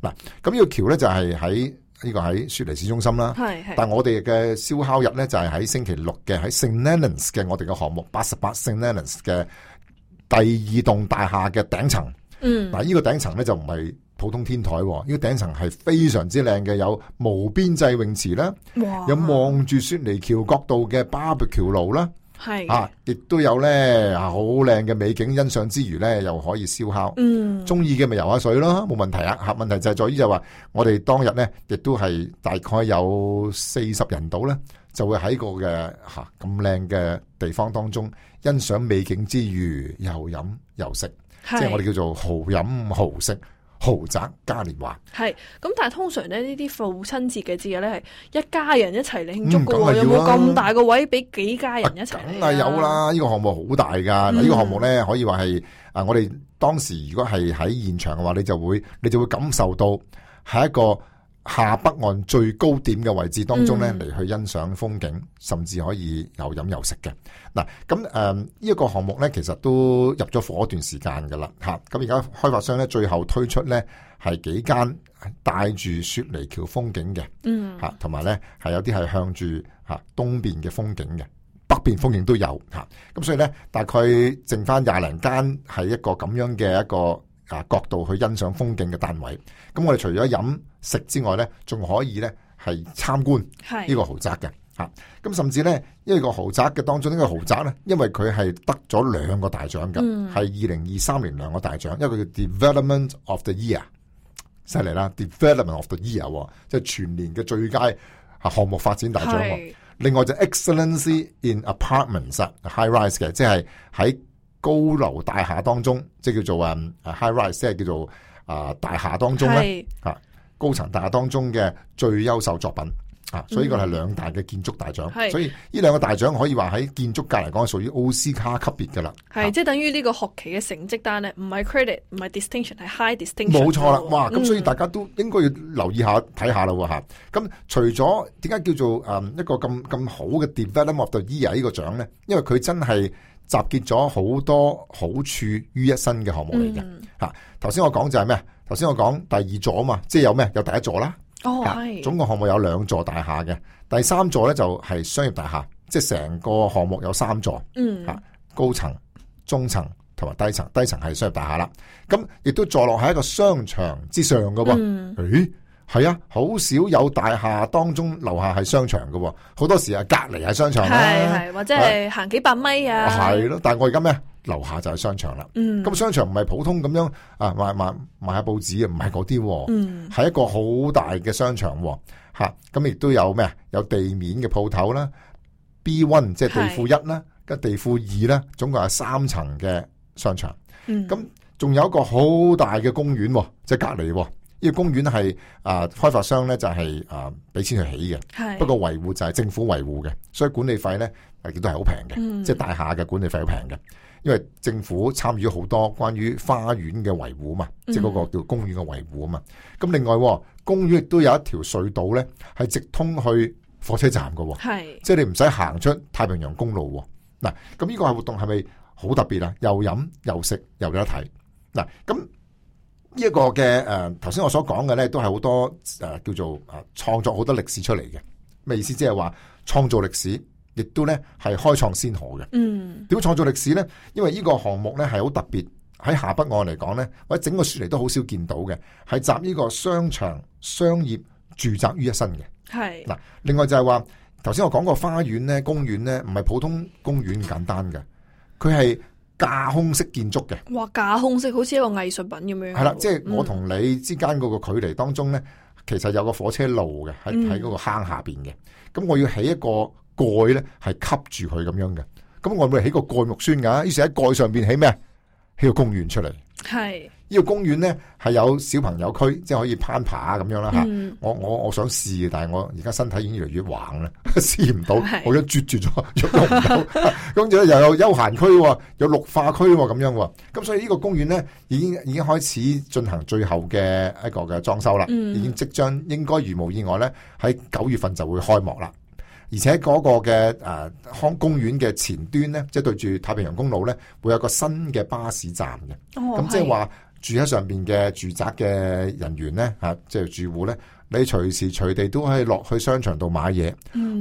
嗱。咁、啊、呢、就是這個橋咧就係喺呢個喺雪梨市中心啦。係，但我哋嘅燒烤日咧就係、是、喺星期六嘅喺 St Leonards 嘅我哋嘅項目八十八 St Leonards 嘅。第二棟大廈嘅頂層，嗱呢、嗯、個頂層咧就唔係普通天台，呢、這個頂層係非常之靚嘅，有無邊際泳池啦，哇有望住雪梨橋角度嘅巴布橋路啦，係的啊，亦都有咧好靚嘅美景欣賞之餘咧，又可以燒烤，中意嘅咪游下水咯，冇問題啊。下問題就係在於就話我哋當日咧，亦都係大概有四十人到啦。就會喺個嘅吓咁靚嘅地方當中，欣賞美景之餘又飲又食，是即係我哋叫做豪飲豪食，豪宅嘉年華。係咁，但係通常咧呢啲父親節嘅節日咧，係一家人一齊嚟慶祝噶喎，嗯、有冇咁大個位俾幾家人一齊？梗係、啊、有啦，呢、呢個項目好大噶，呢、嗯、個項目咧可以話係啊，我哋當時如果係喺現場嘅話，你就會你就會感受到係一個下北岸最高點嘅位置當中咧，嚟去欣賞風景，甚至可以又飲又食嘅。嗱，咁誒呢一個項目呢，其實都入咗火一段時間嘅啦。嚇，咁而家開發商呢，最後推出呢係幾間帶住雪梨橋風景嘅，嗯嚇，同埋呢係有啲係向住嚇東邊嘅風景嘅，北邊風景都有嚇。咁所以呢，大概剩翻廿零間係一個咁樣嘅一個。角度去欣賞風景嘅單位，咁我哋除咗飲食之外咧，仲可以咧係參觀呢個豪宅嘅，吓是，咁、啊、甚至咧呢個豪宅嘅當中呢個豪宅咧，因為佢係得咗兩個大獎㗎，係二零二三年兩個大獎，一個叫 Development of the Year，犀利啦、嗯、，Development of the Year，即、哦、係、就是、全年嘅最佳項目發展大獎，是另外就 Excellency in Apartments Highrise 嘅，即係喺。就是高樓大廈當中，即係叫做啊、um,，high rise，即係叫做啊、呃，大廈當中咧，吓是高層大廈當中嘅最優秀作品、嗯、啊，所以這個係兩大嘅建築大獎，是所以呢兩個大獎可以話喺建築界嚟講係屬於奧斯卡級別噶啦，係是、啊、即係等於呢個學期嘅成績單咧，唔係 credit，唔係 distinction，係 high distinction，冇錯啦，嗯、哇！咁所以大家都應該要留意下睇下啦，吓、啊、咁除咗點解叫做、嗯、一個咁咁好嘅 development of the year 呢個獎咧，因為佢真係。集結咗好多好處於一身嘅項目嚟嘅，吓，頭先我講就係咩？頭先我講第二座啊嘛，即係有咩？有第一座啦，哦，總共項目有兩座大廈嘅，第三座咧就係商業大廈，即係成個項目有三座，嗯，吓高層、中層同埋低層，低層係商業大廈啦，咁亦都坐落喺一個商場之上噶噃，誒，嗯。欸係啊，好少有大廈當中樓下係商場嘅，哦，好多時啊隔籬係商場啦，或者係行幾百米啊，係咯，啊啊。但係我而家咩，樓下就係商場啦。咁，嗯，商場唔係普通咁樣啊賣賣賣下報紙啊，唔係嗰啲，係，哦嗯，一個好大嘅商場，哦。吓咁亦都有咩？有地面嘅鋪頭啦，B one 即係地庫一啦，跟地庫二啦，總共係三層嘅商場。咁仲，嗯，有一個好大嘅公園，哦，即、就、係、是、隔籬，哦。呢個公園係啊開發商咧就係啊俾錢去起嘅，是不過維護就係政府維護嘅，所以管理費咧係亦都係好平嘅。嗯、即係大廈嘅管理費好平嘅。因為政府參與咗好多關於花園嘅維護啊嘛，即係嗰個叫公園嘅維護啊嘛。咁、嗯、另外，公園亦都有一條隧道咧，係直通去火車站嘅，是即係你唔使行出太平洋公路嗱。咁、啊、呢個係活動係咪好特別啊？又飲又食又得睇嗱咁。呢一個嘅誒，頭先我所講嘅呢，都係好多誒，叫做誒，創作好多歷史出嚟嘅。咩意思？即係話創造歷史，亦都呢係開創先河嘅。嗯，點樣創造歷史呢？因為呢個項目呢，係好特別，喺下北岸嚟講呢，或者整個雪梨都好少見到嘅，係集呢個商場、商業、住宅於一身嘅。係嗱是，另外就係話，頭先我講過花園呢、公園呢，唔係普通公園咁簡單嘅，佢係。架空式建築嘅，哇！架空式好似一個藝術品咁樣，係啦，即係我同你之間嗰個距離當中咧，其實有個火車路嘅，喺喺嗰個坑下邊嘅，咁我要起一個蓋咧，係吸住佢咁樣嘅，咁我咪起個蓋木磚架，於是喺蓋上邊起咩？起個公園出嚟。係。呢個公園呢，係有小朋友區，即係可以攀爬咁樣啦吓、嗯。我我我想試，但係我而家身體已經越嚟越橫啦，試唔到，是我而家啜住咗，郁唔到。跟住 *laughs* 又有休閒區、哦，有綠化區咁、哦、樣。咁所以呢個公園呢，已經已經開始進行最後嘅一個嘅裝修啦，嗯、已經即將應該如無意外呢，喺九月份就會開幕啦。而且嗰個嘅誒康公園嘅前端呢，即係對住太平洋公路呢，會有個新嘅巴士站嘅。咁、哦、即係話。住喺上邊嘅住宅嘅人員呢，嚇，即係住戶呢，你隨時隨地都可以落去商場度買嘢，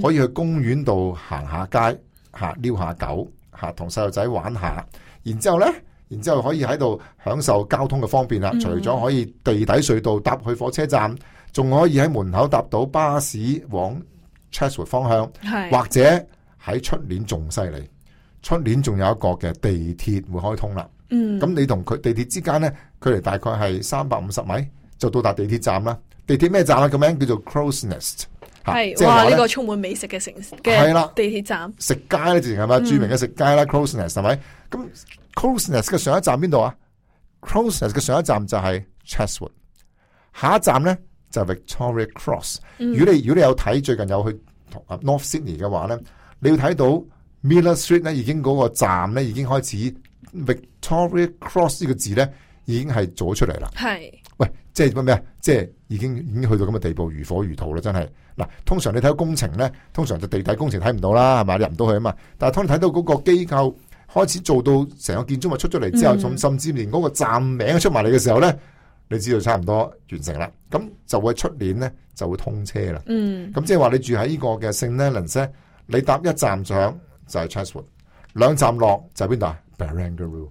可以去公園度行下街，遛下狗，嚇，同細路仔玩下。然之後呢，然之後可以喺度享受交通嘅方便啦。除咗可以地底隧道搭去火車站，仲可以喺門口搭到巴士往 Chatswood 方向，是或者喺出年仲犀利，出年仲有一個嘅地鐵會開通啦。咁、嗯、你同佢地鐵之間咧，距離大概係三百五十米就到達地鐵站啦。地鐵咩站啊？個名叫做 Crows Nest，吓，即係個充滿美食嘅城市嘅地鐵站。食街咧，自然係嘛，著名嘅食街啦，Crows Nest 係咪？咁 Crows Nest 嘅上一站邊度啊？Crows Nest 嘅上一站就係 Chatswood，下一站咧就是、Victoria Cross、嗯如。如果你如果你有睇最近有去 North Sydney 嘅話咧，你要睇到 Miller Street 咧，已經嗰個站咧已經開始。Victoria Cross 呢個字咧，已經係咗出嚟啦。係是喂，即係點咩啊？即係已經已經去到咁嘅地步，如火如荼啦，真係嗱。通常你睇到工程咧，通常就地底工程睇唔到啦，係嘛，你入唔到去啊嘛。但係，當你睇到嗰個機構開始做到成個建築物出咗嚟之後，甚、嗯、甚至連嗰個站名出埋嚟嘅時候咧，你知道差唔多完成啦。咁就會出年咧就會通車啦。嗯，咁即係話你住喺呢個嘅 St Leonards，你搭一站上就係 Chatswood，兩站落就係邊度？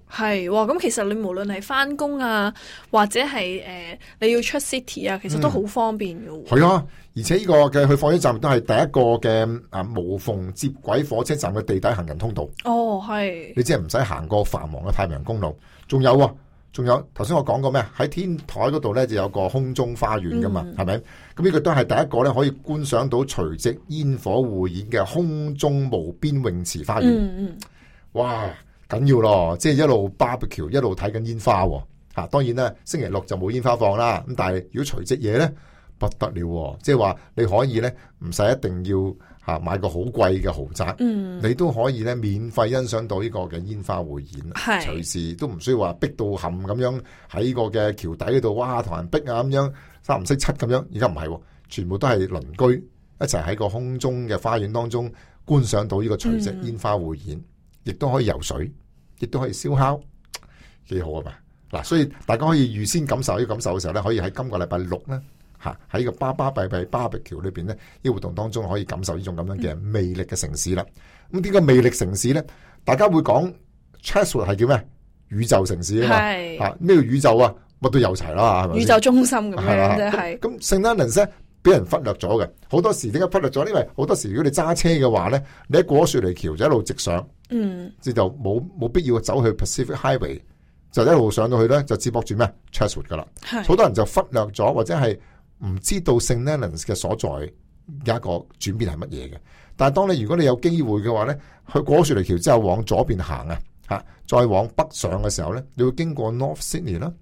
係喎，咁其實你無論係翻工啊，或者係誒、呃、你要出 city 啊，其實都好方便噶。係、嗯、啊，而且呢個嘅去火車站都係第一個嘅啊無縫接軌火車站嘅地底行人通道。哦，係。你即係唔使行過繁忙嘅太平洋公路。仲有、啊、有，仲有，頭先我講過咩？喺天台嗰度咧就有個空中花園噶嘛，係咪、嗯？咁呢個都係第一個咧可以觀賞到除夕煙火匯演嘅空中無邊泳池花園，嗯。嗯，哇！緊要咯，即、就、係、是、一路 barbecue，一路睇緊煙花、哦。吓、啊，當然啦，星期六就冇煙花放啦。咁但係如果除夕嘢咧，不得了、哦。即係話你可以咧，唔使一定要吓買個好貴嘅豪宅，嗯、你都可以咧免費欣賞到呢個嘅煙花匯演。係隨是時都唔需要話逼到冚咁樣喺個嘅橋底嗰度，哇，同人逼啊咁樣三唔識七咁樣。而家唔係，全部都係鄰居一齊喺個空中嘅花園當中觀賞到呢個除夕煙花匯演。嗯嗯亦都可以游水，亦都可以燒烤，幾好啊嘛！嗱、嗯，所以大家可以預先感受呢 飯 thrive 感受嘅時候咧，可以喺今個禮拜六咧，吓喺個爸爸閉閉 barbecue 橋裏邊咧，呢活動當中可以感受呢種咁樣嘅魅力嘅城市啦。咁點解魅力城市咧，大家會講 Chatswood 係叫咩？宇宙城市啊嘛，吓咩是、ah, 叫宇宙啊，乜都有齊啦，係咪？宇宙中心咁樣係。咁 St Leonards。俾人忽略咗嘅，好多時點解忽略咗？因為好多時如果你揸車嘅話咧，你喺過雪梨橋就一路直，直上，嗯、mm.，就冇冇必要走去 Pacific Highway，就一路上到去咧就接駁住咩 Chatswood 噶啦。係，好多人就忽略咗或者係唔知道 St Leonards 嘅所在，而家個轉變係乜嘢嘅。但係當你如果你有機會嘅話咧，去過雪梨橋之後往左邊行啊吓，再往北上嘅時候咧，你會經過 North Sydney 啦，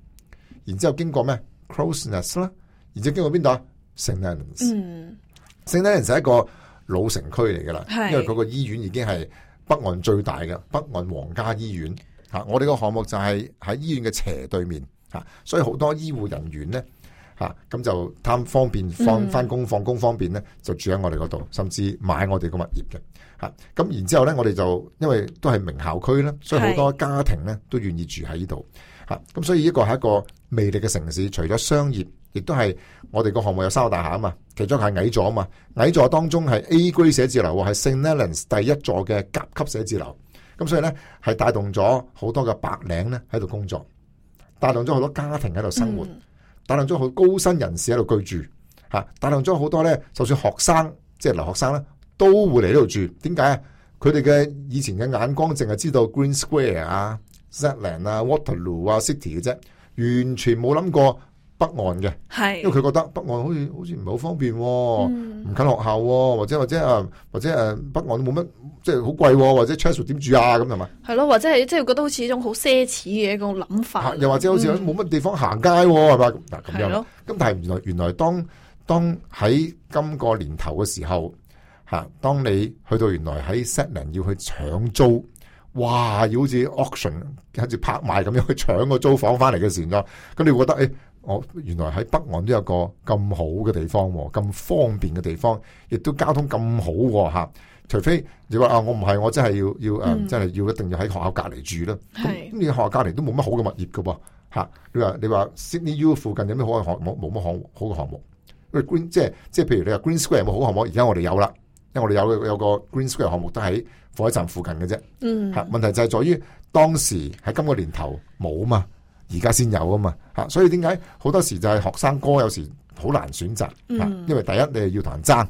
然之後經過咩 Crows Nest 啦，Close、ness, 然之後經過邊度啊？St Leonards，St Leonards 係一個老城區嚟噶啦，是因為佢個醫院已經係北岸最大嘅北岸皇家醫院，吓、啊、我哋個項目就係喺醫院嘅斜對面，吓、啊、所以好多醫護人員咧，吓、啊、咁就貪方便，放翻工放工方便咧就住喺我哋嗰度，甚至買我哋個物業嘅，吓、啊、咁然之後咧我哋就因為都係名校區啦，所以好多家庭咧都願意住喺呢度，吓咁是、啊、所以呢個係一個魅力嘅城市，除咗商業。亦都係我哋個項目有三個大廈啊嘛，其中係矮座啊嘛，矮座當中係 A 區寫字樓，係 St Leonards 第一座嘅甲級寫字樓，咁所以咧係帶動咗好多嘅白領咧喺度工作，帶動咗好多家庭喺度生活，帶動咗好高薪人士喺度居住，吓、嗯、帶、啊、動咗好多咧，就算學生即係留學生咧，都會嚟呢度住，點解啊？佢哋嘅以前嘅眼光淨係知道 Green Square 啊、Zetland 啊、Waterloo 啊、City 嘅啫，完全冇諗過。北岸嘅，係是，因為佢覺得北岸好似好似唔係好方便，哦，唔、嗯、近學校、哦，或者或者啊，或者誒、啊，北岸冇乜，即係好貴，或者 Chatswood 點住啊咁係嘛？係咯，或者係即係覺得好似一種好奢侈嘅一個諗法，又或者好似冇乜地方行街係、哦、嘛？咁、嗯、樣咯。咁的但係原來原來當當喺今個年頭嘅時候，吓，當你去到原來喺 St Leonards 要去搶租，哇，要好似 auction 跟住拍賣咁樣去搶個租房翻嚟嘅時候，咁你會覺得誒？欸我原來喺北岸都有個咁好嘅地方，咁方便嘅地方，亦都交通咁好吓。除非你話啊，我唔係，我真係要要誒，真係要一定要喺學校隔籬住啦。咁、嗯、你學校隔籬都冇乜好嘅物業噶吓。你話你話 Sydney U 附近有咩好嘅項目？冇乜好嘅項目。Green 即係即係，譬如你話 Green Square 有冇好項目？而家我哋有啦，因為我哋有有個 Green Square 項目都喺火車站附近嘅啫。嗯，吓問題就係在於當時喺今個年頭冇嘛。而家先有啊嘛，嚇！所以點解好多時就係學生哥有時好難選擇，嚇！嗯、因為第一你係要同人爭，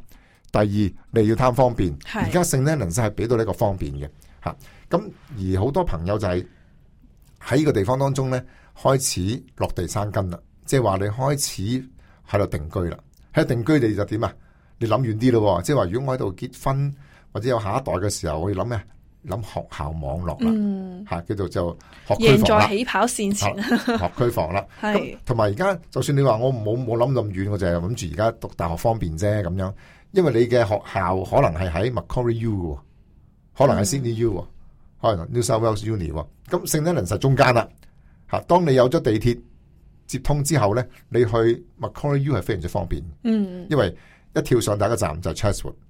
第二你係要貪方便。而家 St Leonards 係俾到呢個方便嘅，嚇、啊！咁而好多朋友就係喺呢個地方當中咧，開始落地生根啦，即係話你開始喺度定居啦。喺定居你就點啊？你諗遠啲咯，即係話如果我喺度結婚或者有下一代嘅時候，我要諗咩？諗學校網絡啦，吓、嗯啊、叫做就學區房啦。贏在起跑線前， *laughs* 學區房啦。咁同埋而家，啊、就算你話我冇冇諗咁遠，我就係諗住而家讀大學方便啫咁樣。因為你嘅學校可能係喺 Macquarie U，可能係 Sydney U，可能 New South Wales Uni、啊。咁 St Leonards 實中間啦，吓、啊、當你有咗地鐵接通之後咧，你去 Macquarie U 係非常之方便。嗯，因為一跳上第一個站就 Chatswood。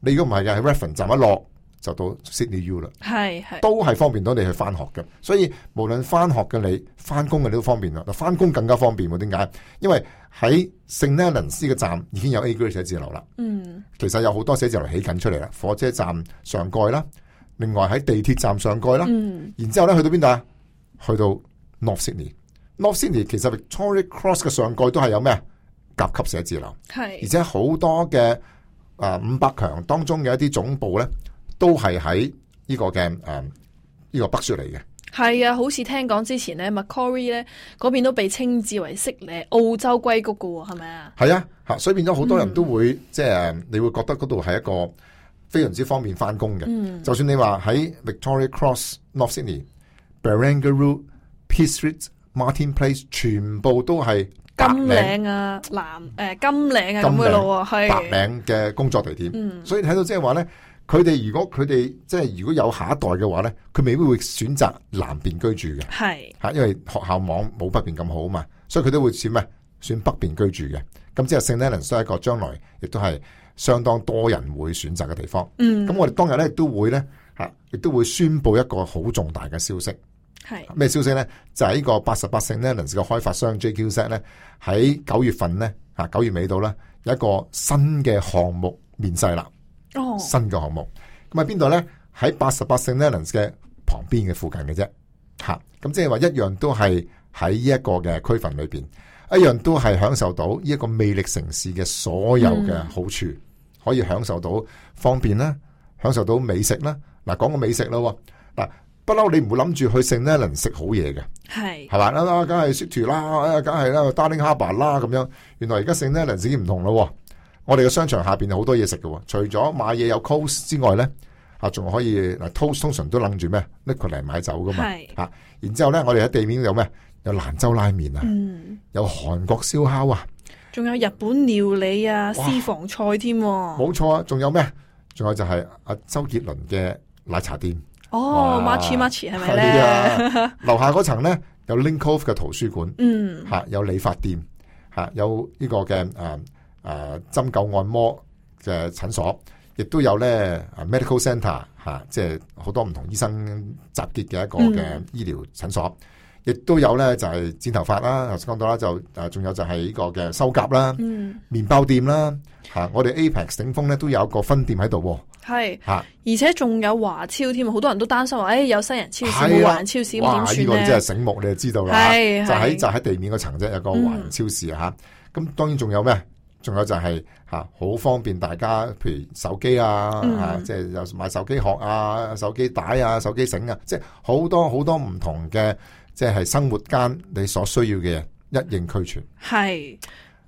你如果唔係喺 Raven, 站一落就到 Sydney U 啦。係係是是 都係方便到你去返學㗎。所以無論返學嘅你返工嘅你都方便啦。返工更加方便喎？點解？因為喺 St Leonards 嘅站已經有 A Grade 寫字樓啦。嗯、其實有好多寫字樓起緊出嚟啦。火車站上蓋啦。另外喺地鐵站上蓋啦。嗯、然之後呢去到邊度，去到 North Sydney。North Sydney, 其實 Victoria Cross 嘅上蓋都係有咩？甲級寫字樓，係，而且好多嘅啊，五百強當中嘅一啲總部咧，都係喺呢個嘅誒，呢、嗯這個、北雪嚟嘅。係啊，好似聽講之前咧，Macquarie 咧嗰邊都被稱之為悉尼澳洲硅谷嘅喎、哦，係咪啊？係啊，嚇！所以變咗好多人都會、嗯、即係，你會覺得嗰度係一個非常之方便翻工嘅。嗯，就算你話喺 Victoria Cross, North Sydney, Barangaroo, Pitt Street, Martin Place，全部都係。金嶺啊，南誒、哎，金嶺啊，咩路啊，係白領嘅工作地點。嗯、所以睇到即係話咧，佢哋如果佢哋即係如果有下一代嘅話咧，佢未必會選擇南邊居住嘅。係吓是，因為學校網冇北邊咁好啊嘛，所以佢都會選咩？選北邊居住嘅。咁即係聖尼蘭是一個將來亦都係相當多人會選擇嘅地方。咁、嗯、我哋當日咧都會咧吓，亦都會宣布一個好重大嘅消息。係咩是消息咧？就呢、是、個八十八 St Leonards 嘅開發商 JQZ 咧，喺九月份咧，啊九月尾度啦，有一個新嘅項目面世啦。哦、oh.，新嘅項目，咁喺邊度咧？喺八十八 St Leonards 嘅旁邊嘅附近嘅啫。吓、啊，咁即係話一樣都係喺呢一個嘅區份裏邊，一樣都係享受到呢一個魅力城市嘅所有嘅好處，嗯、可以享受到方便啦，享受到美食啦。嗱、啊，講個美食咯。嗱、啊。不嬲，你唔會諗住去 St Leonards 食好嘢嘅，係係嘛啦啦，梗係雪條啦，梗、啊、係啦、啊、Darling Harbour 啦、啊、咁樣。原來而家 St Leonards 自己唔同咯、哦，我哋嘅商場下邊有好多嘢食嘅。除咗買嘢有 c o a s t 之外咧，啊，仲可以嗱 Toast 通常都諗住咩？拎佢嚟買酒噶嘛，係是、啊、然之後咧，我哋喺地面有咩？有蘭州拉麵啊，嗯、有韓國燒烤啊，仲有日本料理啊，哇私房菜添。冇錯啊，仲有咩？仲有就係阿周杰倫嘅奶茶店。哦，match match 係咪咧？樓下嗰層咧，有 Linkoff 嘅圖書館，吓、嗯啊、有理髮店，吓、啊、有呢個嘅誒誒針灸按摩嘅診所，亦都有咧 medical center 吓、啊，即係好多唔同醫生集結嘅一個嘅醫療診所，亦、嗯、都有咧就係、是、剪頭髮啦，頭先講到啦就誒仲、啊、有就係呢個嘅修甲啦，嗯、麵包店啦，吓、啊、我哋 Apex 頂峰咧都有一個分店喺度。係，而且仲有華超添，好多人都擔心話，誒、哎，有新人超市、環、啊、超市，咁點算咧？哇！呢、這個你真係醒目，你就知道啦。係，就喺就喺地面個層啫，有個華人超市吓。咁、嗯哼啊、當然仲有咩？仲有就係、是、吓，好、啊、方便大家，譬如手機啊，吓、嗯哼，即係有買手機殼啊、手機帶啊、手機繩啊，即係好多好多唔同嘅，即、就、係、是、生活間你所需要嘅嘢一應俱全。係。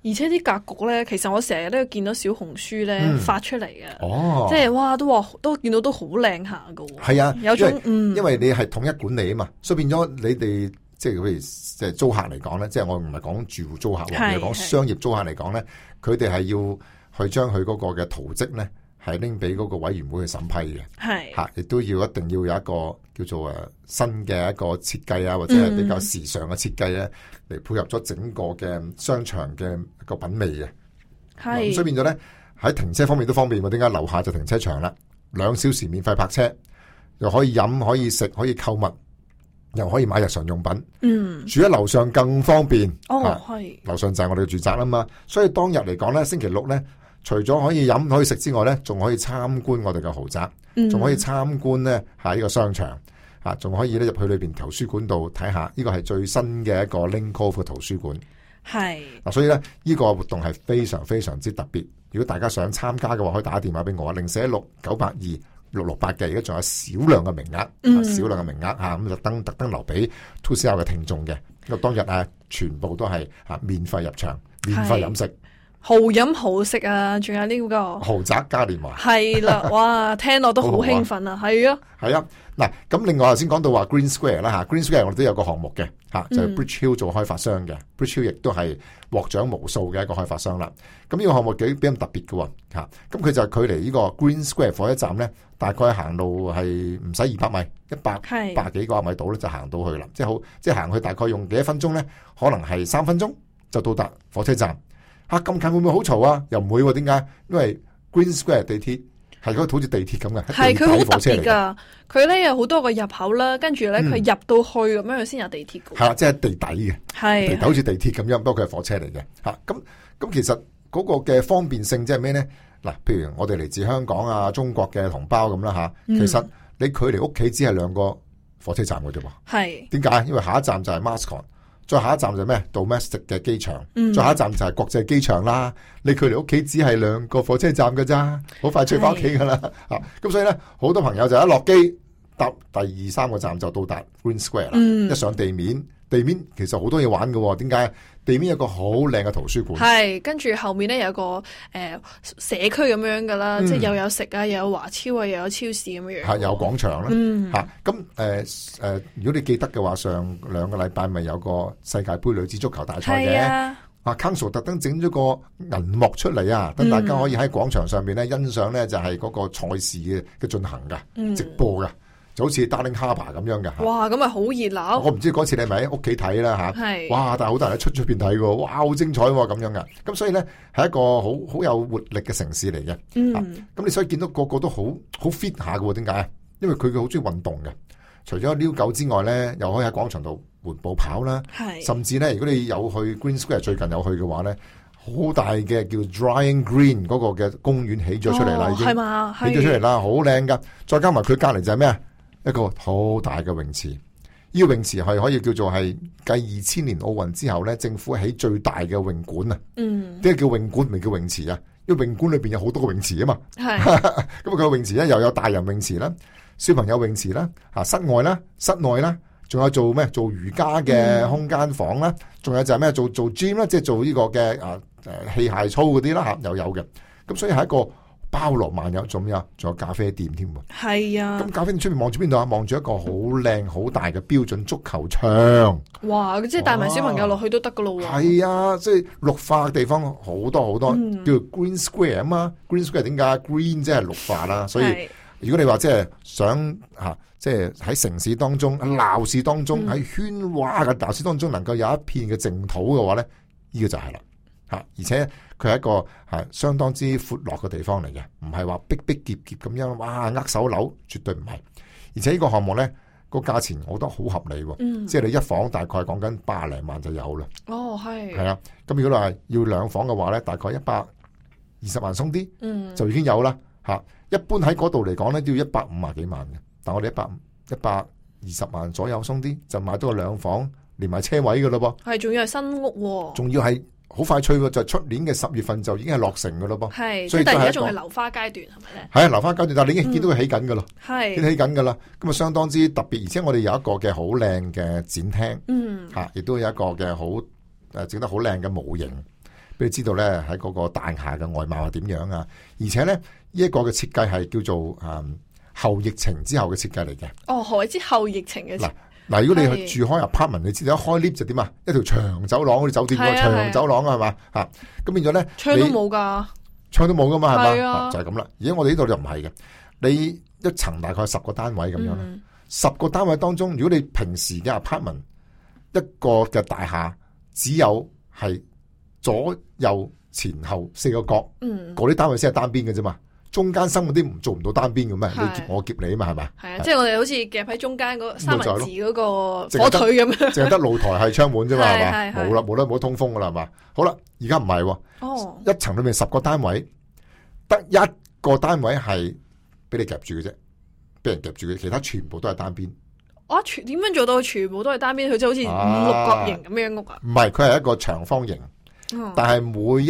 而且啲格局咧，其實我成日都要見到小紅書咧、嗯、發出嚟嘅哦，即係哇都話都見到都好靚下嘅喎。係啊，有一種為嗯，因為你係統一管理啊嘛，所以變咗你哋即係譬如即係租客嚟講咧，即係我唔係講住戶租客，我係講商業租客嚟講咧，佢哋係要去將佢嗰個嘅圖積咧。係拎俾嗰個委員會去審批嘅。係吓是，亦都要一定要有一個叫做誒新嘅一個設計啊，嗯、或者係比較時尚嘅設計咧，嚟配合咗整個嘅商場嘅個品味嘅。係是，所以變咗咧喺停車方面都方便喎。點解樓下就停車場啦？兩小時免費泊車，又可以飲，可以食，可以購物，又可以買日常用品。嗯，住喺樓上更方便。哦，係，樓是是上就係我哋嘅住宅啦嘛。所以當日嚟講咧，星期六咧。除咗可以飲，可以食之外呢，仲可以參觀我哋嘅豪宅，仲可以參觀呢喺個商場，啊、嗯，仲可以咧入去裏面圖書館度睇下，呢個係最新嘅一個 Lane Cove 嘅圖書館。係是，所以呢，呢、這個活動係非常非常之特別。如果大家想參加嘅話，可以打電話俾我，零四一六九八二六六八嘅。而家仲有少量嘅名額，少、嗯、量嘅名額嚇，咁特登特登留俾 2CR 嘅聽眾嘅。因為當日啊，全部都係啊免費入場，免費飲食。豪飲豪食啊！仲有呢、呢個豪宅嘉年華，係啦，哇，聽落都好興奮啊！係 *laughs* 啊，係啊的，嗱，咁另外頭先講到話 Green Square 啦，吓 Green Square 我哋都有個項目嘅，吓就係、Bridge Hill 做開發商嘅、嗯、，Bridge Hill 亦都係獲獎無數嘅一個開發商啦。咁呢個項目幾比較特別嘅，吓咁佢就係距離呢個 Green Square 火車站咧，大概行路係唔使二百米，一百百幾個米度咧就行到去啦，的即係好，即係行去大概用幾多分鐘咧，可能係三分鐘就到達火車站。咁、啊、近會唔會好嘈啊？又唔會點、啊、解？因為 Green Square 地鐵係佢好似地鐵咁嘅，係佢好特別㗎。佢咧有好多個入口啦，跟住咧佢入到去咁樣，佢先有地鐵係啦、啊、即係地底嘅，是地底好似地鐵咁樣，的不過佢係火車嚟嘅。咁、啊、咁，其實嗰個嘅方便性即係咩咧？嗱、啊，譬如我哋嚟自香港啊、中國嘅同胞咁啦吓，啊嗯、其實你距離屋企只係兩個火車站嘅啫喎。係點解？因為下一站就係 Mascon。再下一站就咩？domestic 嘅機場，再下一站就係國際機場啦。你距離屋企只係兩個火車站㗎咋，好快出翻屋企噶啦。咁是、啊、所以咧，好多朋友就一落機搭第二三個站就到達 Green Square 啦。嗯、一上地面，地面其實好多嘢玩嘅，點解？地面有個好靚嘅圖書館，係跟住後面咧有個誒、呃、社區咁樣噶啦，嗯、即係又有食啊，又有華超啊，又有超市咁樣，係、啊、有廣場啦、啊，吓咁誒誒，如果你記得嘅話，上兩個禮拜咪有個世界杯女子足球大賽嘅，阿、啊啊、Council 特登整咗個銀幕出嚟啊，等大家可以喺廣場上面咧、嗯、欣賞咧就係嗰個賽事嘅嘅進行噶，嗯、直播噶。就好似 Darling Harbour 咁樣㗎是。哇！咁咪好熱鬧。我唔知嗰次你係咪喺屋企睇啦吓，係哇！但係好多人喺出出邊睇喎，哇！好精彩咁、啊、樣㗎！咁所以咧，係一個好好有活力嘅城市嚟嘅。咁、嗯啊、你所以見到個個都好好 fit 下喎，點解啊？因為佢好中意運動嘅。除咗遛狗之外咧，又可以喺廣場度緩步跑啦。是甚至咧，如果你有去 Green Square 最近有去嘅話咧，好大嘅叫 Drying Green 嗰個嘅公園起咗出嚟啦，哦、已經係嘛，嗎起咗出嚟啦，好靚噶。再加埋佢隔籬就係咩啊？一個好大嘅泳池，呢、這個泳池係可以叫做係繼二千年奧運之後咧，政府起最大嘅泳館啊！嗯，點解叫泳館唔係叫泳池啊？因為泳館裏邊有好多個泳池啊嘛，係咁啊！佢個 *laughs* 泳池咧又有大人泳池啦，小朋友泳池啦，吓室外啦，室內啦，仲有做咩？做瑜伽嘅空間房啦，仲、嗯、有就係咩？做做 gym 啦，即係做呢個嘅誒誒器械操嗰啲啦吓，又有嘅。咁所以係一個。包羅萬有，仲有咩啊？仲有咖啡店添喎。係啊。咁咖啡店出面望住邊度啊？望住一個好靚、好大嘅標準足球場。哇！即係帶埋小朋友落去都得噶咯喎。係啊，即係綠化嘅地方好多好多，嗯、叫做 Green Square 啊嘛。Green Square 點解？Green 即係綠化啦。所以是如果你話即係想吓，即係喺城市當中鬧市當中，喺喧嘩嘅鬧市當中，能夠有一片嘅淨土嘅話咧，呢、這個就係啦。啊！而且佢係一個啊相當之闊落嘅地方嚟嘅，唔係話逼逼夾夾咁樣，哇！握手樓絕對唔係。而且呢個項目呢個價錢我覺得好合理，嗯、即係你一房大概講緊八零萬就有啦。哦，係。係啊，咁如果要兩話要兩房嘅話呢，大概一百二十萬鬆啲，嗯，就已經有啦。吓、嗯，一般喺嗰度嚟講呢，都要一百五十幾萬嘅，但我哋一百一百二十萬左右鬆啲就買到個兩房連埋車位嘅咯噃。係，仲要係新屋，哦，仲要係。好快脆喎，就出、是、年嘅十月份就已經係落成嘅咯噃。係是，所以第一仲係樓花階段係咪咧？係樓花階段，但係你已經見到佢起緊嘅咯。係、嗯，已經起緊嘅啦。咁啊，就相當之特別，而且我哋有一個嘅好靚嘅展廳，嗯，嚇、啊，亦都有一個嘅好誒整得好靚嘅模型，俾你知道咧喺嗰個大廈嘅外貌係點樣啊！而且咧呢一、這個嘅設計係叫做誒、嗯、後疫情之後嘅設計嚟嘅。哦，係之後疫情嘅。嗱，如果你去住開入 apartment，你知啦，開 lift 就點啊？一條長走廊嗰啲酒店個是、啊、長走廊是是啊，啊，係嘛？吓，咁變咗咧，窗都冇噶，窗都冇噶嘛，係嘛？就係咁啦。而家我哋呢度就唔係嘅，你一層大概十個單位咁樣啦，嗯、十個單位當中，如果你平時嘅 apartment 一個嘅大廈，只有係左右前後四個角，嗰啲、嗯、單位先係單邊嘅啫嘛。中間生活啲唔做唔到單邊嘅咩？你夾我夾你啊嘛，係咪？係啊，即係我哋好似夾喺中間嗰三文治嗰個火腿咁樣，淨得露台係窗門啫嘛，係嘛？冇啦，冇啦，冇得通風嘅啦，係嘛？好啦，而家唔係喎，一層裡面十個單位，得一個單位係俾你夾住嘅啫，俾人夾住嘅，其他全部都係單邊。我全點樣做到全部都係單邊？佢即係好似五六角形咁樣屋啊？唔係，佢係一個長方形，但係每一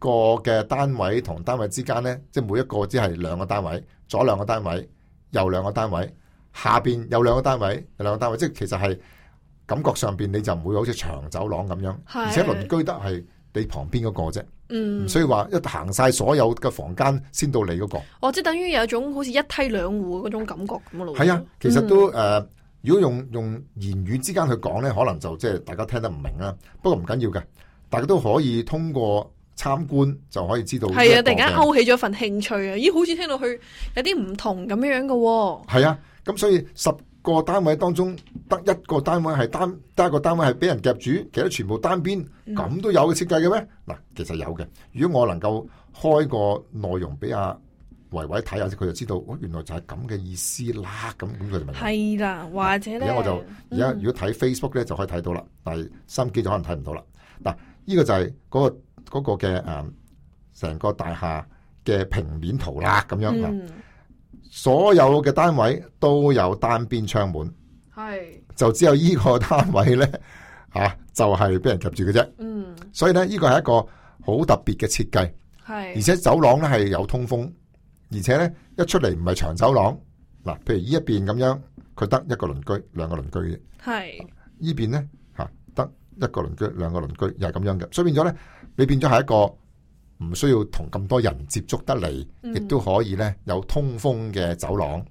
個嘅單位同單位之間呢，即係每一個只係兩個單位，左兩個單位，右兩個單位，下邊有兩個單位，兩個單位，即係其實係感覺上邊你就唔會好似長走廊咁樣，是而且鄰居得係你旁邊嗰個啫，唔需要話一行晒所有嘅房間先到你嗰個。哦，即等於有一種好似一梯兩戶嗰種感覺咁樣。係啊，其實都誒、嗯呃，如果用用言語之間去講呢，可能就即係大家聽得唔明啦。不過唔緊要嘅，大家都可以通過。參觀就可以知道係啊！突然間勾起咗份興趣啊！咦，好似聽到佢有啲唔同咁樣嘅喎。係啊，咁所以十個單位當中得一個單位係單得一個單位係俾人夾住，其他全部單邊咁都有嘅設計嘅咩？嗱、嗯，其實有嘅。如果我能夠開個內容俾阿維維睇下，佢就知道，我、哦、原來就係咁嘅意思啦。咁咁佢就問：係啦，或者咧？而家我就而家、嗯、如果睇 Facebook 咧，就可以睇到啦。但係手機就可能睇唔到啦。嗱、啊，呢、這個就係嗰、那個嗰個嘅誒，成個大廈嘅平面圖啦，咁樣、嗯、所有嘅單位都有單邊窗門，係是就只有依個單位咧嚇、啊，就係、是、俾人夾住嘅啫。嗯，所以咧，呢個係一個好特別嘅設計，係是而且走廊咧係有通風，而且咧一出嚟唔係長走廊嗱，譬如依一邊咁樣，佢得一個鄰居兩個鄰居嘅，係依是邊咧嚇得一個鄰居兩個鄰居又係咁樣嘅，所以變咗咧。你變咗係一個唔需要同咁多人接觸得嚟，亦、嗯、都,都可以咧有通風嘅走廊，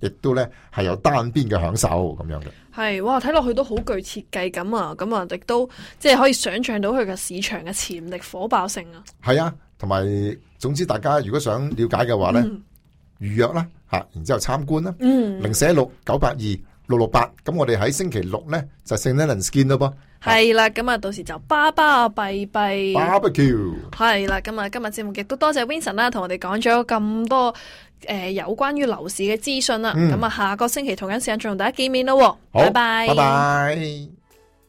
亦都咧係有單邊嘅享受咁樣嘅。係哇，睇落去都好具設計感啊！咁啊，亦都即係可以想象到佢嘅市場嘅潛力火爆性是啊！係啊，同埋總之，大家如果想了解嘅話咧，預、嗯、約啦吓，然之後參觀啦，零四一六九八二六六八，咁我哋喺星期六咧就聖尼蘭斯見咯噃。係啦，咁啊、oh.，到時就巴巴閉閉。Barbecue。係啦，咁啊，今日節目亦都多謝 Vincent 啦，同我哋講咗咁多誒有關於樓市嘅資訊啦。咁啊、嗯，下個星期同一時間再同大家見面咯。拜好拜拜。Bye bye. Bye bye.